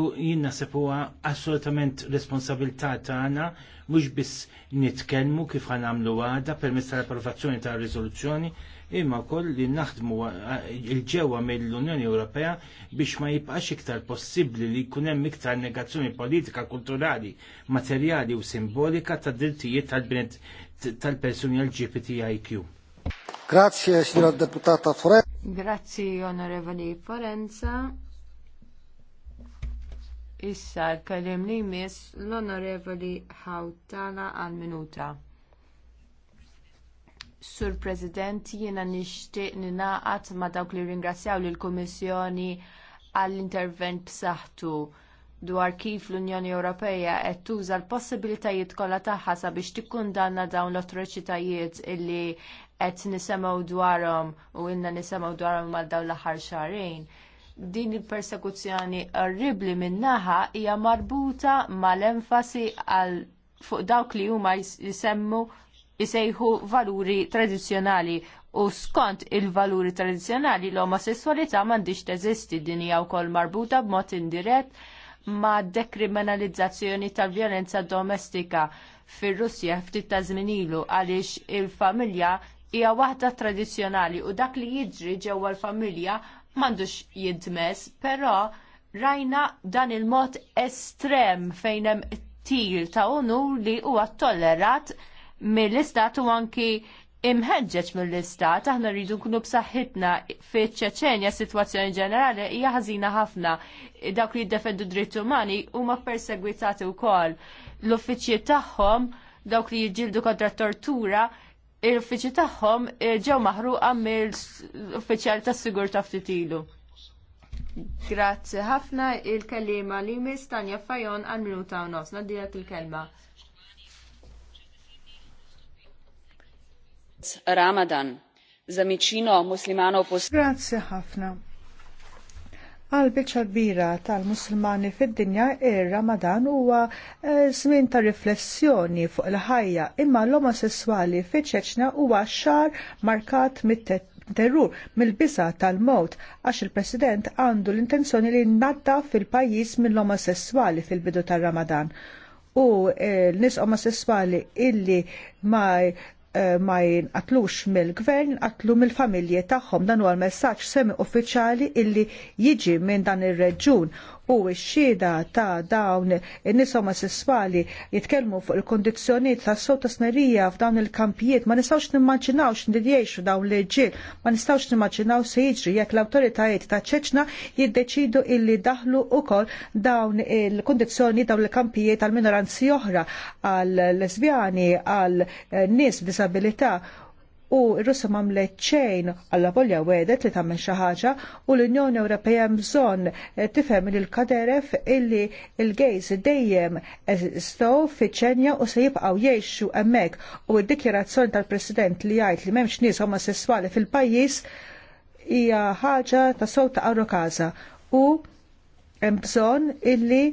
U jien naħseb huwa assolutament responsabilità tagħna mhux biss nitkellmu kif ħanamlu għada permezz tal-approvazzjoni tar riżoluzzjoni imma koll li naħdmu il-ġewwa mill-Unjoni Ewropea biex ma jibqax iktar possibbli li jkun hemm iktar negazzjoni politika, kulturali, materjali u simbolika ta' drittijiet tal-bnet tal-persuni LGBTIQ. Grazie, signora deputata Forenza. Grazie, onorevoli Forenza. Issa, kellim li mis l-onorevoli Hautala al minuta Sur President, jiena nixtieq ninaqat ma dawk li ringrazzjaw lill kummissjoni għall-intervent b'saħħtu dwar kif l-Unjoni Ewropea qed tuża l-possibilitajiet kollha tagħha sabiex tikkundanna dawn l-atroċitajiet illi qed nisemgħu dwarhom u ilna nisemgħu dwarhom mal dawn l-aħħar xahrejn. Din il-persekuzzjoni orribli min-naħa hija marbuta mal-enfasi għal fuq dawk li huma jisemmu jisejħu valuri tradizzjonali u skont il-valuri tradizzjonali l-omosessualità mandiċ teżisti din hija wkoll marbuta b'mod indirett ma' dekriminalizzazzjoni tal-vjolenza domestika fir-Russja ftit ta' ilu għaliex il-familja hija waħda tradizzjonali u dak li jiġri ġewwa l-familja m'għandux jidmes, però rajna dan il-mod estrem fejn hemm til ta' unur li huwa tollerat mill-istat u anki imħedġeċ mill-istat, aħna rridu nkunu b'saħħitna fi ċeċenja situazzjoni ġenerali hija ħażina ħafna. Dawk li jiddefendu dritt umani huma perseguitati wkoll. L-uffiċċji tagħhom dawk li jiġġieldu kontra tortura l-uffiċċji tagħhom ġew maħruqa mill-uffiċjal tas sigurtà ftit ftitilu. Grazzi ħafna il-kelliema li mis Tanja Fajon għal minuta u nos, naddilat il-kelma. Ramadan. Grazie ħafna. Għal biċċa kbira tal muslimani fid-dinja ir-Ramadan huwa eh, żmien ta' riflessjoni fuq il-ħajja imma l-omosessuali fi ċeċna huwa xar markat mit-terrur mill-bisa tal-mod għax il-President għandu l-intenzjoni li nadda fil-pajjiż mill-omosessuali fil-bidu tar-Ramadan u eh, l-nis omosessuali illi ma Eh, ma jinqatlux mill-gvern, qatlu mill-familji tagħhom dan huwa l-messaġġ semi uffiċjali illi jiġi minn dan ir-reġun u x-xhieda ta' dawn in-nies omosessuali jitkellmu fuq il-kondizzjonijiet ta' sow tasnerija f'dawn il-kampijiet ma nistawx nimmaġinawx nidjexu dawn l-ġil, ma nistgħux nimmaġinaw se jiġri jekk l-awtoritajiet ta' ċeċna jiddeċidu illi daħlu ukoll dawn il kondizjoni dawn il-kampijiet għal minoranzi oħra għal lesbjani, għal nies b'disabilità u r-Russa mamlet ċejn għalla volja wedet li tagħmel xi ħaġa u l-Unjoni Ewropea bżonn eh, tifhem lil kaderef illi l gejz dejjem stow fiċ-ċenja u se jibqgħu jgħixu hemmhekk u d-dikjerazzjoni tal-President li jgħid li m'hemmx nies omosessuali fil-pajjiż hija ħaġa ta' sowta ta' kaza u hemm bżonn illi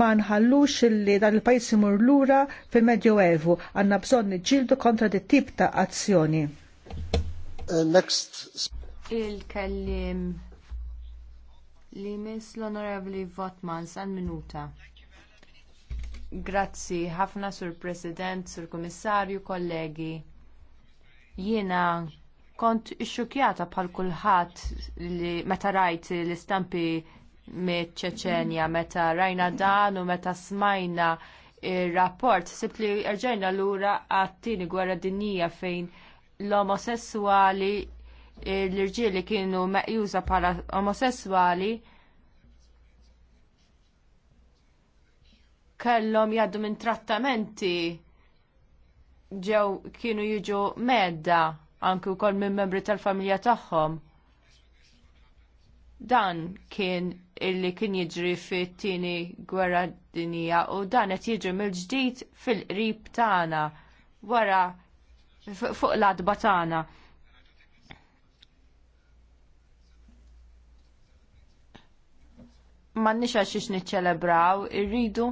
ma nħallux li dan il-pajis imur lura fil-Medjoevu. Għanna bżonn niġġieldu kontra di tip ta' azzjoni. Uh, next. Il-kellim li miss l onorevli Votman san minuta Grazzi, ħafna sur President, sur Komissarju, kollegi. Jiena kont xokjata bħal kulħadd li meta rajt l-istampi mit ċeċenja meta rajna dan u meta smajna il rapport sibt li rġajna lura għat-tieni gwerra dinjija fejn l-omosessuali l-irġieli kienu meqjuża bħala omosessuali kellhom jgħaddu minn trattamenti ġew kienu jiġu medda anke wkoll minn membri tal-familja tagħhom. Dan kien illi kien jiġri fit-tieni gwerra dinija u dan qed jiġri mill-ġdid fil-qrib tagħna wara fuq l-adba tagħna. M'għandniex għax ix niċċelebraw, irridu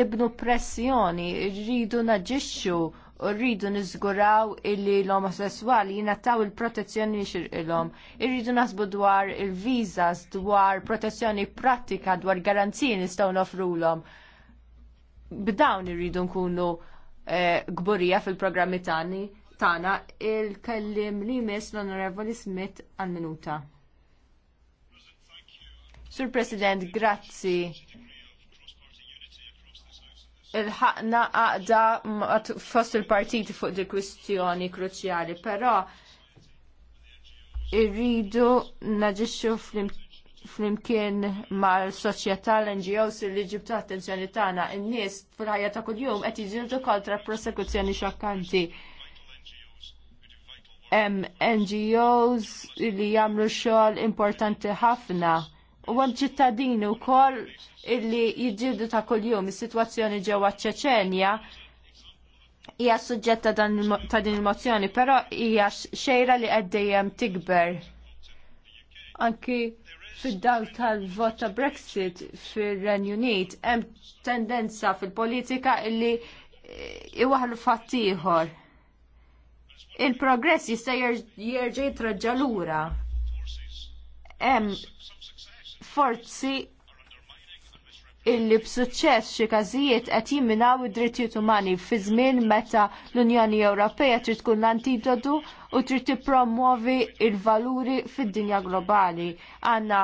nibnu pressjoni, irridu naġixxu u rridu niżguraw illi l-omosessuali jinnattaw il-protezzjoni xirqilhom. Irridu nasbu dwar il-vizas, dwar protezzjoni pratika, dwar garanziji nistgħu nofrulhom. B'dawn irridu nkunu eh, gburija fil-programmi tani tagħna il-kellim li jmiss l-Onorevoli Smith għal-minuta. Sur President, grazzi il-ħakna għaqda fost il-partiti fuq di kwistjoni kruċjali, però irridu naġixxu flimkien mal-soċjetà l-NGOs li ġibtu attenzjoni tagħna in-nies fil-ħajja ta' kuljum qed jiġildu kontra prosekuzzjoni xokkanti. Hemm NGOs li jagħmlu xogħol importanti ħafna u għal ċittadini u koll illi jġirdu ta' kol-jum il-situazzjoni ġewa ċeċenja hija suġġetta ta' din il-mozzjoni, però hija xejra li għaddejjem tikber. Anki fid-dawl tal-vot ta' Brexit fir-Renju Unit hemm tendenza fil-politika illi eh, iwaħlu fattiħor. Il-progress jista' jerġa' jitraġġa lura. Hemm forzi illi b'suċċess xi każijiet qed jimminaw id-drittijiet umani fi żmien meta l-Unjoni Ewropea trid tkun l-antidotu u trid tippromuovi l valuri fid-dinja globali. Għandna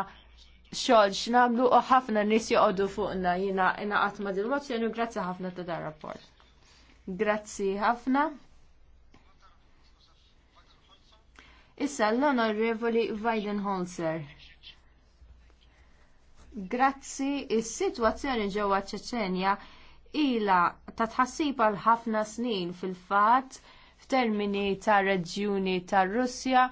xogħol x'namlu u ħafna nies joqogħdu fuqna jiena inaqgħod ma' dil-mozzjoni u grazzi ħafna ta' dan rapport. Grazzi ħafna. Issa l-Onorevoli Weidenholzer. Grazzi, is-sitwazzjoni ġewwa ċeċenja ilha ta' tħassib għal ħafna snin fil-fatt f'termini ta' reġjuni tar Russja,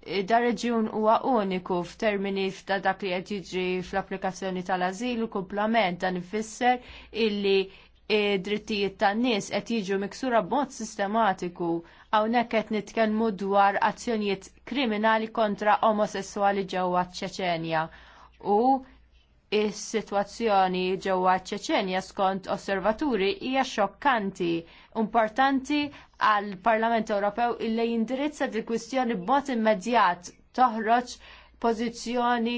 e, da' reġjun huwa uniku f'termini ta' dak li qed jiġri fl-applikazzjoni tal-azil u kumplament dan ifisser illi e, drittijiet tan-nies qed jiġu miksura b'mod sistematiku hawnhekk qed nitkellmu dwar azzjonijiet kriminali kontra omosessuali ġewwa ċeċenja u is-sitwazzjoni ġewwa ċeċenja skont osservaturi hija xokkanti, importanti għall Parlament Ewropew illi jindirizza dil kwistjoni b'mod immedjat toħroġ pożizzjoni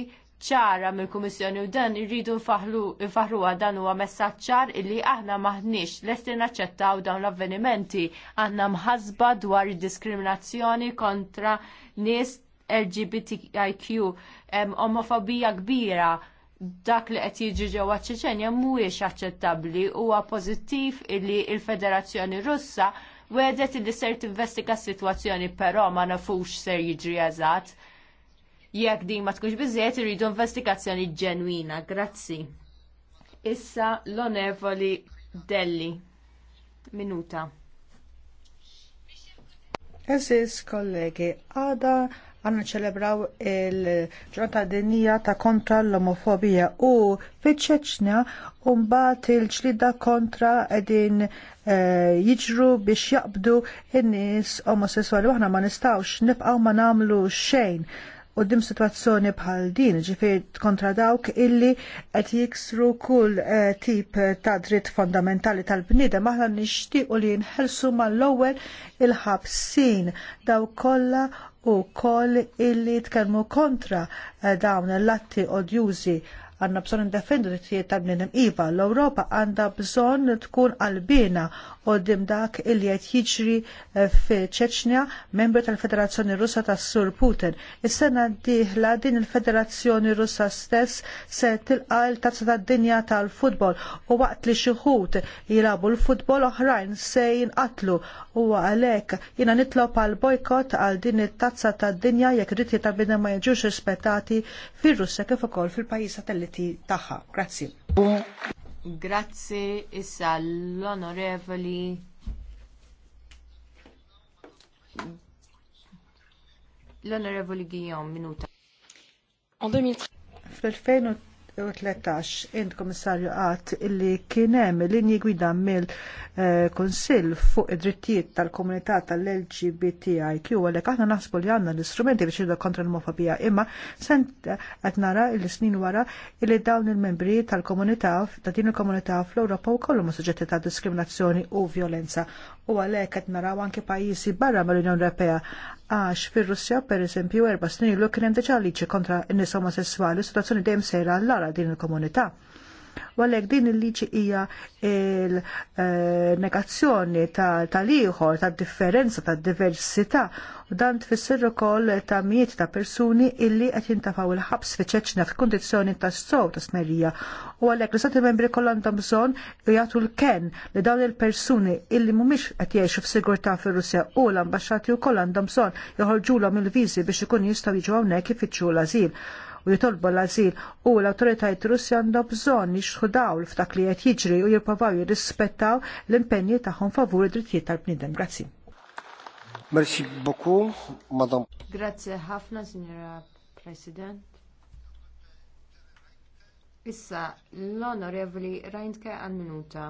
ċara mill-Kummissjoni u dan irridu nfaħruha dan huwa messaġġ ċar illi aħna maħniex lesti naċċettaw dawn l-avvenimenti aħna mħasba dwar id-diskriminazzjoni kontra nies LGBTIQ omofobija kbira dak li qed jiġi ġewwa ċeċenja mhuwiex aċċettabbli huwa pożittiv illi l-Federazzjoni Russa wedet illi ser tinvestiga s-sitwazzjoni però ma nafux ser jiġri eżatt. Jekk din ma tkunx biżejjed iridu investigazzjoni ġenwina. Grazzi. Issa l-Onevoli Delli. Minuta. Eżis kollegi, għada għanna ċelebraw il-ġurnata dinija ta' kontra l-omofobija u fiċċeċna umbat il-ġlida kontra edin eh, jiġru biex jaqbdu in-nies omosessuali. Waħna ma nistawx nibqaw ma namlu xejn dim situazzjoni bħal din, ġifir kontra dawk illi qed jiksru kull eh, tip ta' dritt fondamentali tal-bniedem aħna nixtiequ li nħelsu mal-ewwel il-ħabsin daw kollha u koll illi tkellmu kontra eh, dawn l-atti odjużi għandna bżonn indefendu drittijiet tal-bniedem iva. L-Ewropa għandha bżonn tkun u qudiem dak illi qed jiġri eh, ċeċnja, membru tal-Federazzjoni Russa tas-Sur Putin. Is-sena diħla din il-Federazzjoni Russa stess se tilqa il tazza tad-dinja tal-futbol u waqt li xi wħud l-futbol oħrajn se jinqatlu u għalhekk jiena nitlob għal bojkott għal din it-tazza tad-dinja jekk rriti ta' bniedem ma jiġux rispettati fir russa kif ukoll fil pajisa tal responsability tagħha. Grazzi. Grazzi issa l-onorevoli l-onorevoli Guillaume minuta. 2013 int komissarju għat li kienem linji gwida mill konsil fuq id-drittijiet tal-komunità tal-LGBTIQ għalek aħna nasbu li għanna l-istrumenti biex jiddu kontra l mofobija imma sent għatnara nara il-snin wara illi dawn il-membri tal-komunità ta' din il-komunità fl-Europa u kollu suġġetti ta' diskriminazzjoni u violenza u għalhekk qed naraw anke pajjiżi barra mal unjoni Ewropea għax fir-Russja pereżempju erba' snin ilu kien hemm diġà liġi kontra n-nies omosessuali, situazzjoni dejjem sejra l-ara din il-komunità. U għalhekk din il-liġi hija il-negazzjoni eh, tal-ieħor, tad-differenza, tad-diversità U dan tfisser ukoll ta' miet ta' persuni illi qed jintafaw il-ħabs fi ċeċna f'kundizzjoni ta' sow ta' smerija. U għalhekk li stati membri kollha għandhom bżonn jagħtu l-ken li dawn il-persuni illi mhumiex qed jgħixu f'sigurtà fir-Russja u l-ambaxxati wkoll għandhom bżonn joħorġulhom il-viżi biex ikun jistgħu jiġu hawnhekk ifittxu l-ażil u jitolbu l-azil u l-autoritajt russi għandhom bżonn jixħu dawl f'dak li qed jiġri u jirpavaw jirrispettaw l-impenji tagħhom favur id-drittijiet tal bnidem Grazzi. Merci beaucoup, Madame. Grazie ħafna, Signora President. Issa, l-Onorevoli Reintke għal-minuta.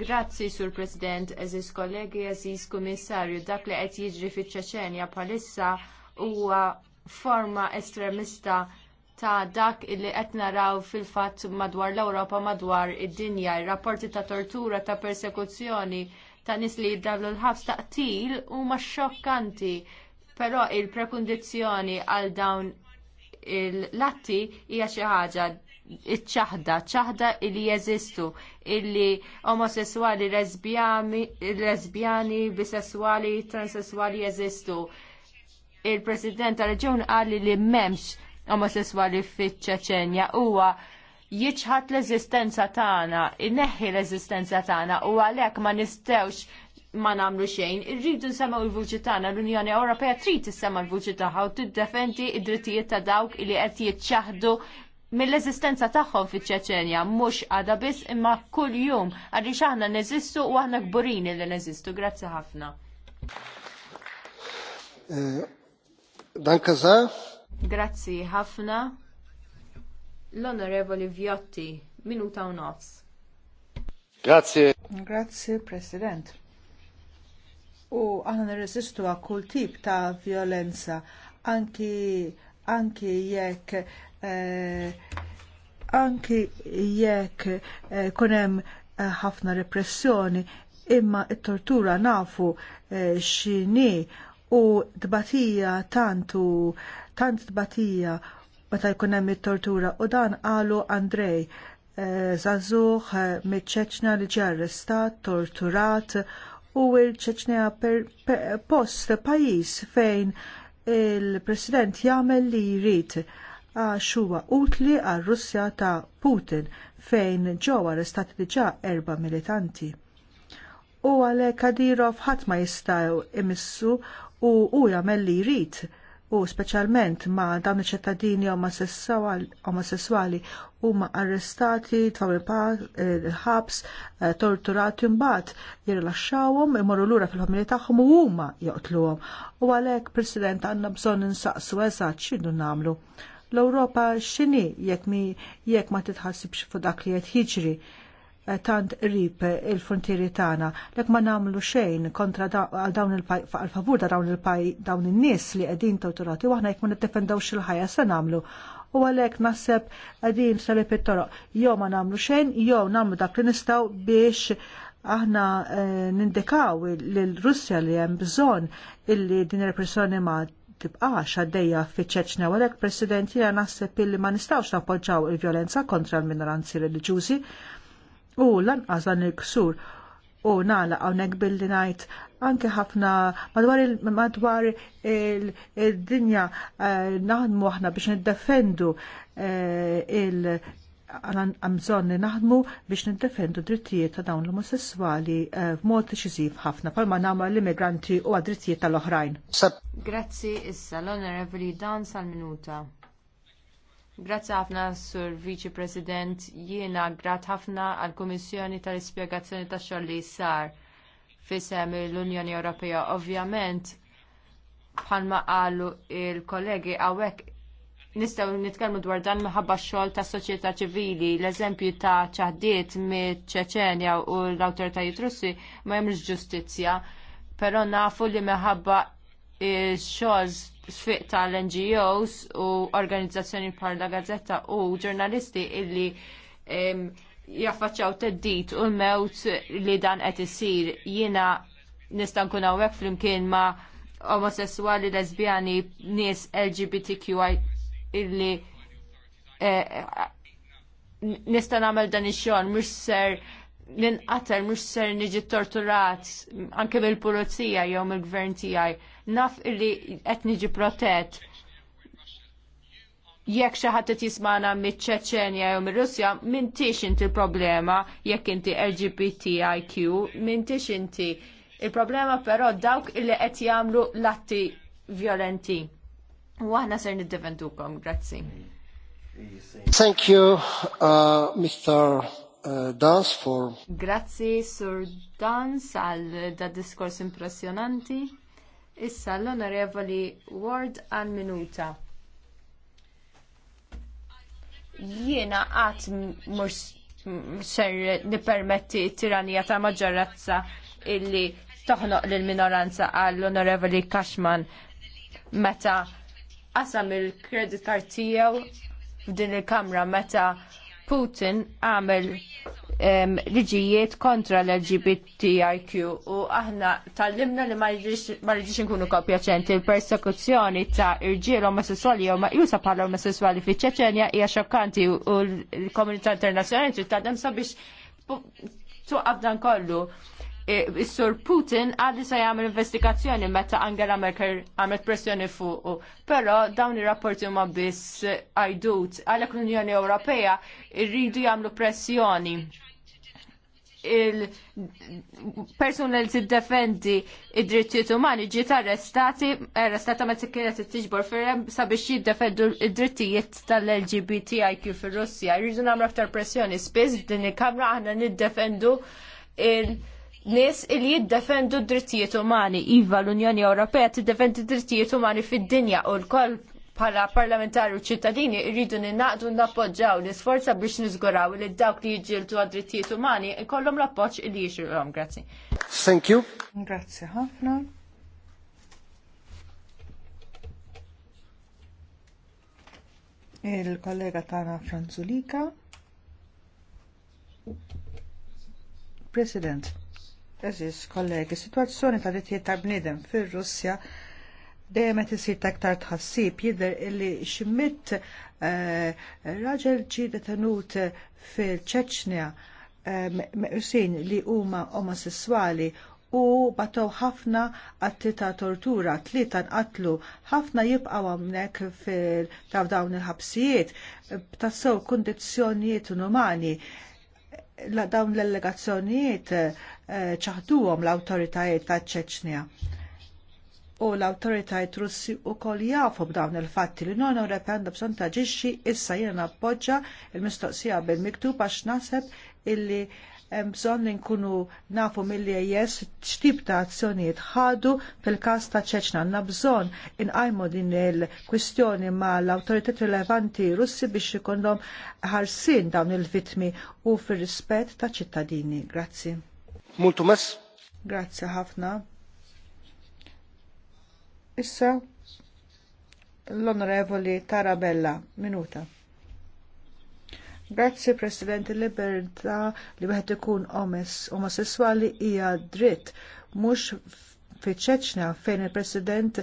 Grazzi, Sur President, eżis kollegi, eżis komissarju, dak li qed jiġri fit ċeċenja bħalissa huwa forma estremista ta' dak illi qed naraw fil-fatt madwar l-Ewropa madwar id-dinja, ir-rapporti ta' tortura, ta' persekuzzjoni, ta' nies li jiddablu l-ħabs ta' qtil huma xokkanti, però il-prekundizzjoni għal dawn il-latti hija xi ħaġa iċ-ċaħda, ċaħda illi jeżistu, illi omosessuali, lesbjani, bisessuali, transessuali jeżistu. Il-President tal reġjun qal li m'hemmx omosessuali fit ċeċenja huwa jiċħat l-eżistenza tagħna, inneħħi l-eżistenza tagħna u għalhekk ma nistgħux ma nagħmlu xejn, irridu nsemgħu l-vuċi tagħna l-Unjoni Ewropea trid tissemma l-vuċi tagħha u tiddefendi id drittijiet ta' dawk li qed jiċċaħdu mill-eżistenza tagħhom fiċ-Ċeċenja mhux għada biss imma kuljum għaliex aħna neżistu u aħna kburini li neżistu. Grazzi ħafna. Eh, Danka za, Grazzi ħafna. L-Onorevoli Vjotti, minuta u nofs. Grazzi. Grazzi, President. U għana nirresistu għal kull tip ta' violenza, anki, anki jekk eh, anki jekk eh, kunem eh, ħafna eh, repressjoni, imma t tortura nafu eh, xini u dbatija tantu, tant dbatija meta jkun hemm it-tortura u dan qalu Andrej Zazuħ eh, Zazuh eh, ċeċna li ġie arrestat, torturat u il ċeċnija post pajjiż fejn il-President jagħmel li jrid għax huwa utli għal Russja ta' Putin fejn ġew arrestati diġà erba' militanti. U għalhekk Kadirov ħadd ma jistgħu imissu u u jagħmel li jrid u speċjalment ma' dawn iċ-ċittadini omosessuali huma arrestati, tfawil ħabs, eh, torturati mbagħad jirilaxxawhom, imorru lura fil-familji tagħhom u huma joqtluhom. U għalhekk President għandna bżonn insaqsu eżatt x'inhu nagħmlu. L-Ewropa x'inhi jekk jekk ma titħassibx fuq dak li qed jiġri tant qrib il-frontieri tagħna. Lek ma nagħmlu xejn kontra għal dawn il favur ta' dawn il-paj dawn in-nies li qegħdin torturati u aħna jekk ma niddefendewx il-ħajja se nagħmlu. U għalhekk naħseb qegħdin salib it-toroq. Jew ma nagħmlu xejn, jew nagħmlu dak li nistgħu biex aħna eh, nindikaw l-Russja li hemm bżonn illi din il-persuni ma tibqax għaddejja fi ċeċna għalek president jena naħseb illi ma nistawx nappoġġaw il-violenza kontra l-minoranzi reliġjużi u lanqas dan il-ksur u nala hawnhekk billi ngħid anke ħafna madwar madwar il-dinja eh, naħdmu aħna biex niddefendu eh, il għamżon li naħdmu biex niddefendu drittijiet ta' dawn l-omosessuali f'mod eh, deċiżiv ħafna palma nagħmlu l-immigranti u għad-drittijiet tal-oħrajn. Grazzi issa l-Onorevoli Dan sal-minuta. Grazzi ħafna sur Vice President, jiena grat ħafna għal Kummissjoni tal-ispjegazzjoni ta' xogħol li sar fisem l-Unjoni Ewropea. Ovvjament, bħalma qalu il-kollegi hawnhekk nistgħu nitkellmu dwar dan minħabba x-xogħol tas soċjetà ċivili, l-eżempju ta' ċaħdiet miċ ċeċenja u l-awtoritajiet Russi ma jemrux ġustizzja, però nafu li minħabba xogħols sfiq tal-NGOs u organizzazzjoni bħal la Gazzetta u ġurnalisti illi jaffaċċaw teddit u l-mewt li dan qed isir jiena nista' nkun hawnhekk flimkien ma' omosessuali, lesbjani, nies LGBTQI illi eh, nista' nagħmel dan ix-xogħol mhux ser ninqatel mhux ser niġi torturat anke mill-pulizija jew mill-gvern tiegħi naf illi qed niġi protett jekk xi ħadd qed jismana miċ-Ċeċenja jew mir-Russja, m'intix inti l-problema jekk inti LGBTIQ, m'intix inti. Il-problema però dawk illi qed jagħmlu l-atti violenti. U aħna ser niddefendukom, grazzi. Thank you, uh, Mr. Dance uh, Dans for. Grazzi, Sur Dans, għal da diskors impressjonanti. Issa l-Onorevoli Ward għal minuta. Jiena għat ser nipermetti tiranija ta' maġġoranza illi toħnoq lill minoranza għall-Onorevoli Cashman meta qasam il-kredit tiegħu f'din il-kamra meta Putin għamel liġijiet kontra l-LGBTIQ u aħna tal-limna li ma rġiġ nkunu kopjaċenti il-persekuzzjoni ta' irġiel omosessuali jew jusa bħala omosessuali fi ċeċenja hija xokkanti u l-komunità internazzjonali trid tadem sabiex tuqab dan kollu. Eh, Is-Sur Putin għalli se jagħmel investigazzjoni meta Angela Merkel għamil pressjoni fuq. Però dawn ir-rapporti huma biss għajdut għalek l-Unjoni Ewropea rridu jagħmlu pressjoni il-persuna li tiddefendi id-drittijiet umani ġiet arrestati, arrestata ma t-kienet t-tiġbor firrem sabiex jiddefendu id-drittijiet tal-LGBTIQ fil russja Rridu namlu aktar pressjoni spiss din il-kamra aħna niddefendu il- Nis li jiddefendu d-drittijiet umani. Iva l-Unjoni Ewropea tiddefendi d-drittijiet umani fid-dinja u l-koll bħala parlamentari u ċittadini rridu ninaqdu nappoġġaw l-isforza biex niżguraw li dawk li jġiltu għad-drittijiet umani jkollhom l-appoġġ li jixrilhom. Grazzi. Thank you. Grazzi ħafna. Il-kollega tagħna Franzulika. President. Eżis, kollegi, situazzjoni ta' rittijiet ta' bnidem fil-Russja dejjem qed isir aktar tħassib jidher li x'mitt eh, raġel ġie detenut fil-Ċeċnja meqsin eh, li huma omosessuali u batow ħafna għatti ta' tortura, tlieta nqatlu, ħafna jibqaw għamnek fil-dawn il-ħabsijiet, b'tassew kundizzjonijiet inumani la dawn l-allegazzjonijiet eh, ċaħduhom l-awtoritajiet ta' ċeċnija. U l-awtoritajiet Russi wkoll jafu b'dawn il-fatti li non Ewropea għandha bżonn taġixxi issa jiena appoġġa l mistoqsija bil-miktub għax naħseb illi hemm bżonn nkunu nafu mill-EJS x'tip ta' azzjonijiet ħadu fil-każ ta' ċeċna. Għandna bżonn inqajmu din il-kwistjoni mal autoritet rilevanti Russi biex ikollhom ħarsin dawn il-vitmi u fir-rispett ta' ċittadini. Grazzi. Multu mess. Grazzi ħafna. Issa l-Onorevoli Tarabella, minuta. Grazzi President il-libertà li wieħed ikun omes omosessuali hija dritt mhux fi fejn il-President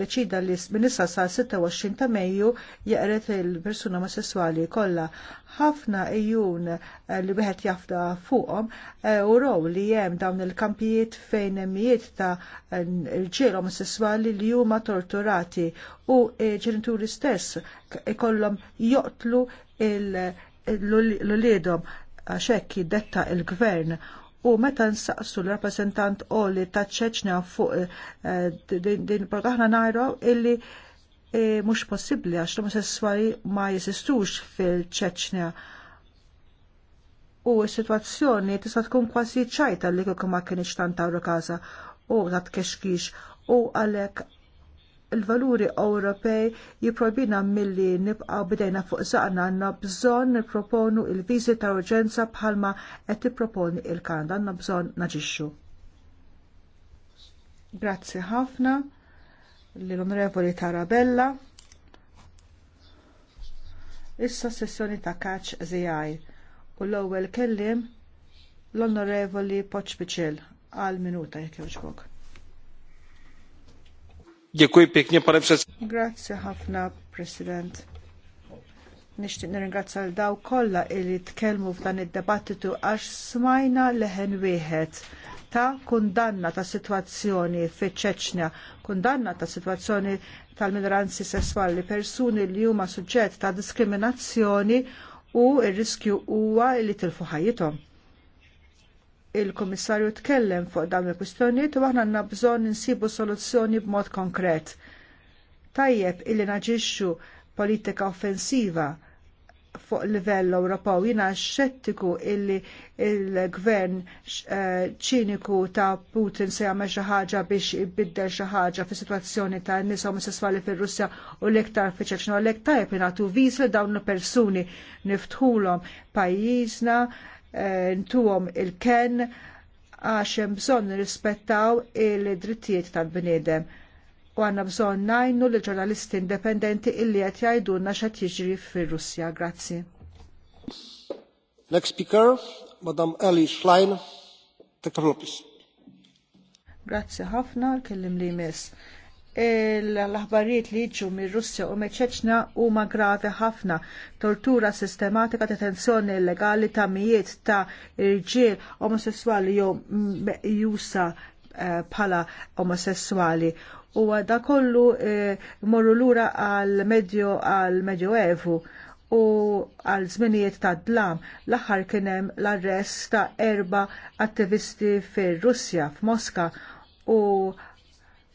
deċida li minissa sa' 26 ta' Mejju jaqret il-persuna omosessuali kollha. Ħafna ejjun eh, li wieħed jafda fuqhom eh, u row li hemm dawn il-kampijiet fejn emmijiet ta' irġiel omosessuali li huma torturati u eh, ġenituri stess ikollhom joqtlu il- l-uliedhom għaxek jiddetta il-gvern u meta nsaqsu l-rappresentant u ta' taċċeċna fuq eh, din il-proda aħna najru illi eh, mhux possibbli għax l-omosessuali ma jesistux fil-ċeċna u s-situazzjoni tista' tkun kważi ċajta li kieku ma kienx tantaw kaza u ta' tkexkix u għalhekk il-valuri Ewropej jipprobina milli nibqa bdejna fuq saqna għandna bżonn nipproponu l viżi ta' urġenza bħalma qed tipproponi l kanada għandna bżonn naġixxu. Grazzi ħafna lill-Onorevoli Tarabella. Issa sessjoni ta' kaċ ZI u l-ewwel kelliem l-Onorevoli Poċbiċil għal minuta jekk jogħġbok. Dziękuję pięknie, panie przewodniczący. Grazie ħafna, President. Nixtieq nirringrazzja l daw kollha li tkellmu f'dan id-dibattitu għax smajna leħen wieħed ta' kundanna ta' sitwazzjoni fiċ-ċeċnja, kundanna ta' sitwazzjoni tal-minoranzi sessuali, persuni li huma suġġett ta' diskriminazzjoni u r riskju huwa li tilfu ħajjithom il-Komissarju tkellem fuq dawn il-kwistjonijiet u aħna għandna bżonn insibu soluzzjoni b'mod konkret. Tajjeb illi naġixxu politika offensiva fuq livell Ewropew jiena xettiku illi il-gvern eh, ċiniku ta' Putin se jagħmel xi ħaġa biex ibiddel xi ħaġa fis-sitwazzjoni ta' nisa omosessuali fir-Russja u l-iktar fiċeċna l-iktar jingħatu dawn il-persuni niftħulhom pajjiżna Eh, ntuwom il-ken għax hemm bżonn nirrispettaw il-drittijiet tal-bniedem. U għandna bżonn najnu lill ġurnalisti indipendenti illi qed jgħidulna x'qed jiġri fil russja Grazzi. Next speaker, Madam Eli Schlein, Dr. Lopez. Grazzi ħafna, kellim li miss l-aħbarijiet li jiġu mir russja u meċeċna huma gravi ħafna. Tortura sistematika, detenzjoni illegali ta' mijiet ta' irġiel omosessuali jew jusa eh, bħala omosessuali. U da kollu eh, morru lura għal medju għal Evu u għal żminijiet ta' dlam l-aħħar kien hemm l-arrest ta' erba' attivisti fir-Russja f'Moska u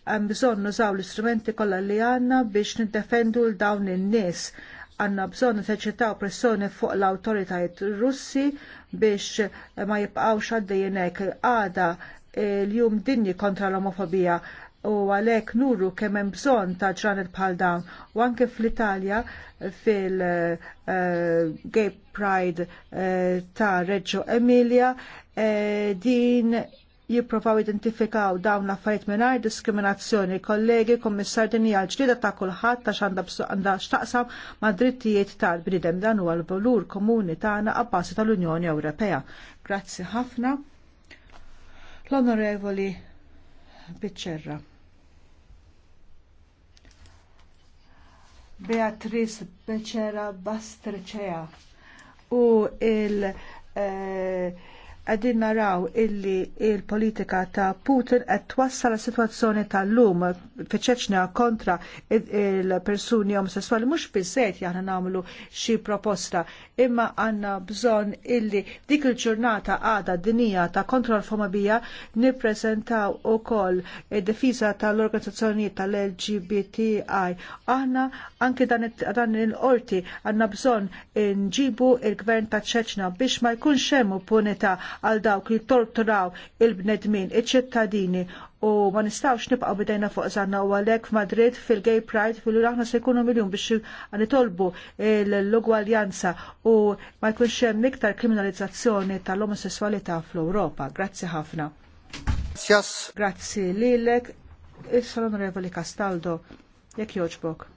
hemm bżonn nużaw l-istrumenti kollha li għandna biex niddefendu l dawn in-nies għanna bżonn teċitaw pressjoni fuq l awtoritajiet russi biex ma jibqgħux għaddejjenek għada eh, l-jum dinji kontra l-omofobija u għalhekk nuru kemm hemm bżonn ta' ġranet bħal dawn u anke fl-Italja fil-Gay eh, Pride eh, ta' Reġġo Emilia din jipprovaw identifikaw dawn l-affarijiet mingħajr diskriminazzjoni. Kollegi, kommissar din hija l-ġdida ta' kulħadd ta' għandha x'taqsam ma' drittijiet tal bridem dan huwa l volur komuni tagħna abbasi tal-Unjoni Ewropea. Grazzi ħafna. L-Onorevoli Biċċerra. Beatriz Beċera Bastrecea u il- eh, għedin naraw illi il-politika ta' Putin qed twassal la situazzjoni tal-lum fiċeċna kontra il-persuni omosessuali mhux biżejt jaħna nagħmlu xi proposta imma għandna bżonn illi dik il-ġurnata għada dinija ta' kontra l-fomabija nippreżentaw ukoll id-difiża tal-organizzazzjoni tal-LGBTI. Aħna anke dan il-qorti għandna bżonn nġibu il-gvern ta' ċeċna biex ma jkunx xemmu punita għal dawk li torturaw il-bnedmin, iċ-ċittadini u ma nistawx nibqaw bidejna fuq zanna u għalek f'Madrid fil-Gay Pride fil aħna se jkunu miljon biex għanitolbu l-ugwaljanza u ma jkunx hemm iktar kriminalizzazzjoni tal-omosessualità fl-Ewropa. Grazzi ħafna. Grazzi lilek, is-Onorevoli Castaldo, jekk joġbok.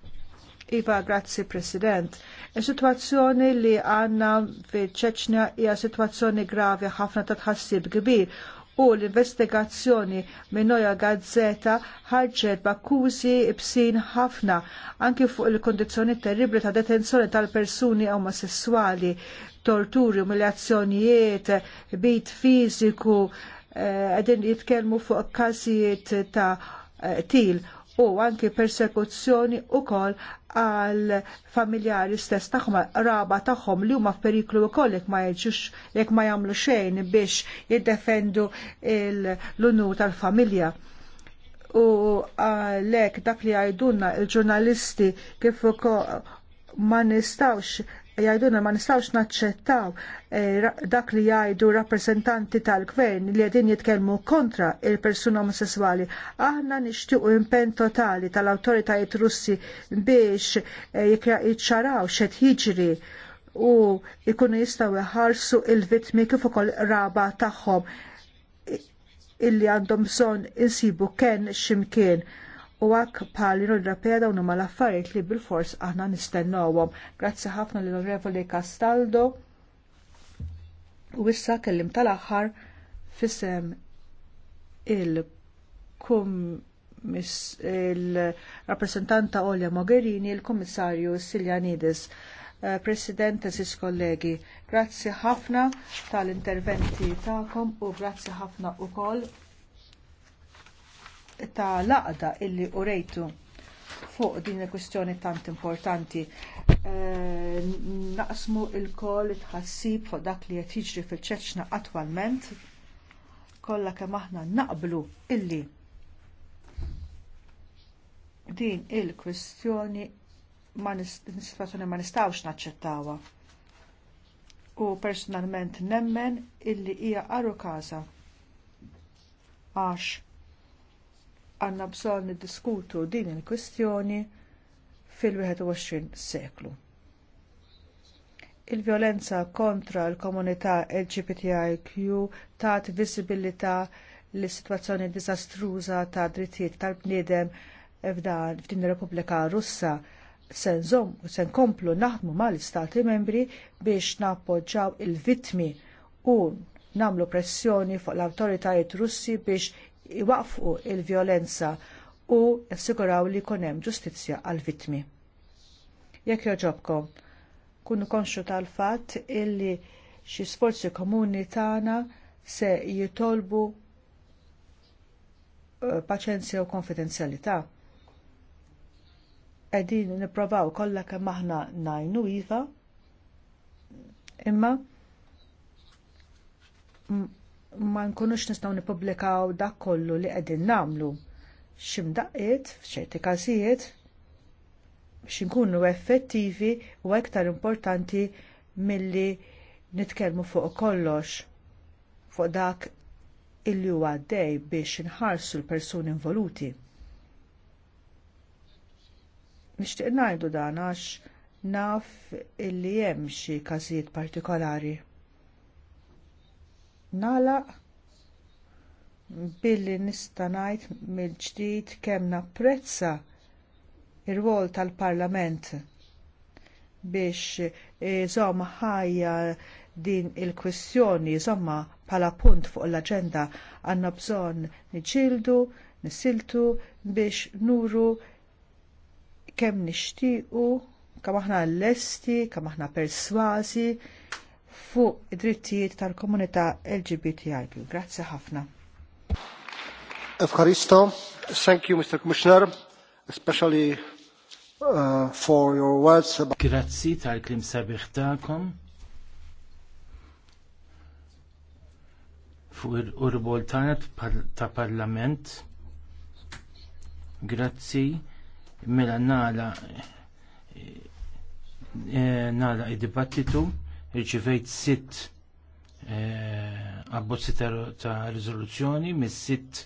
Iva, grazzi President. Is-sitwazzjoni li għanna fi ċeċna hija sitwazzjoni gravi ħafna ta' tħassib kbir u l-investigazzjoni minnoja gazzeta ħarġet bakkużi bsin ħafna anki fuq il-kondizjoni terribli ta' detenzjoni tal-persuni omosessuali, torturi, umiljazzjonijiet, bit fiżiku, għedin eh, jitkelmu fuq kazijiet ta' eh, til u anki persekuzzjoni wkoll għal familjari stess tagħhom raba tagħhom li huma f'periklu wkoll jekk ma jiġux jekk ma jagħmlu xejn biex jiddefendu l-unur tal-familja. U għalhekk dak li għajdunna il-ġurnalisti kif ma nistawx jajduna ma nistawx naċċettaw eh, dak li jgħidu rappresentanti tal-gvern li għedin jitkellmu kontra il-persuna omosessuali. Aħna nixtiequ impen totali tal-autoritajiet russi biex eh, xed jiġri u jkunu jistgħu jħarsu il-vitmi kif ukoll raba tagħhom illi għandhom bżonn insibu ken ximkien u għak pali l-Unjoni u dawn l-affarijiet li bil-fors aħna nistennowhom. Grazzi ħafna l-Onorevoli Castaldo u issa kellim tal-aħħar fisem il-kum il-rappresentanta Olja Mogherini, il kommissarju Siljanidis. Eh, President, sis kollegi, grazzi ħafna tal-interventi ta'kom u grazzi ħafna u koll ta' laqda illi urejtu fuq din il-kwistjoni tant importanti. Eh, naqsmu il-kol tħassib fuq dak li qed jiġri fil-ċeċna attwalment kollha kemm aħna naqblu illi din il-kwistjoni ma nistgħux ma naċċettawha. U personalment nemmen illi hija arru każa għax għanna bżonn niddiskutu din il-kwistjoni fil-21 seklu. Il-violenza kontra l-komunità LGBTIQ tat visibilità l sitwazzjoni diżastruża ta' drittijiet tal-bniedem f'din ir-Repubblika Russa sen zom, sen komplu naħdmu mal istati membri biex nappoġġaw il vittmi u namlu pressjoni fuq l-autoritajiet russi biex iwaqfu il-violenza u jassiguraw li jkun hemm ġustizzja għall vittmi Jekk joġobkom, kunu konxu tal fatt illi xi sforzi komuni tagħna se jitolbu eh, paċenzja u konfidenzjalità. Qegħdin nipprovaw kollha kemm aħna ngħinu iva, imma ma nkunux nistgħu nippubblikaw dak kollu li qegħdin nagħmlu. X'imdaqqiet f'ċerti każijiet biex nkunu effettivi u aktar importanti milli nitkellmu fuq kollox fuq dak illi huwa għaddej biex inħarsu l-persuni involuti. Nixtieq ngħidu dan għax naf illi hemm xi każijiet partikolari Nalaq billi nista' ngħid mill-ġdid kemm napprezza r wol tal-Parlament biex iżomm ħajja din il-kwistjoni żomma bħala punt fuq l-aġenda għandna bżonn niġildu, nisiltu biex nuru kemm nixtiequ, kemm aħna lesti, kemm aħna persważi fuq id-drittijiet tal-komunità LGBTIQ. Grazzi ħafna. Efkaristo, thank you Mr. Commissioner, especially uh, for your words. About... Grazzi tal-klim sabiħ ta'kom. Fuq il-urbol ta' parlament. Grazzi mela nala eh, nala id-dibattitu riċivejt sitt eh, abbozzi ta' rizoluzzjoni mis sitt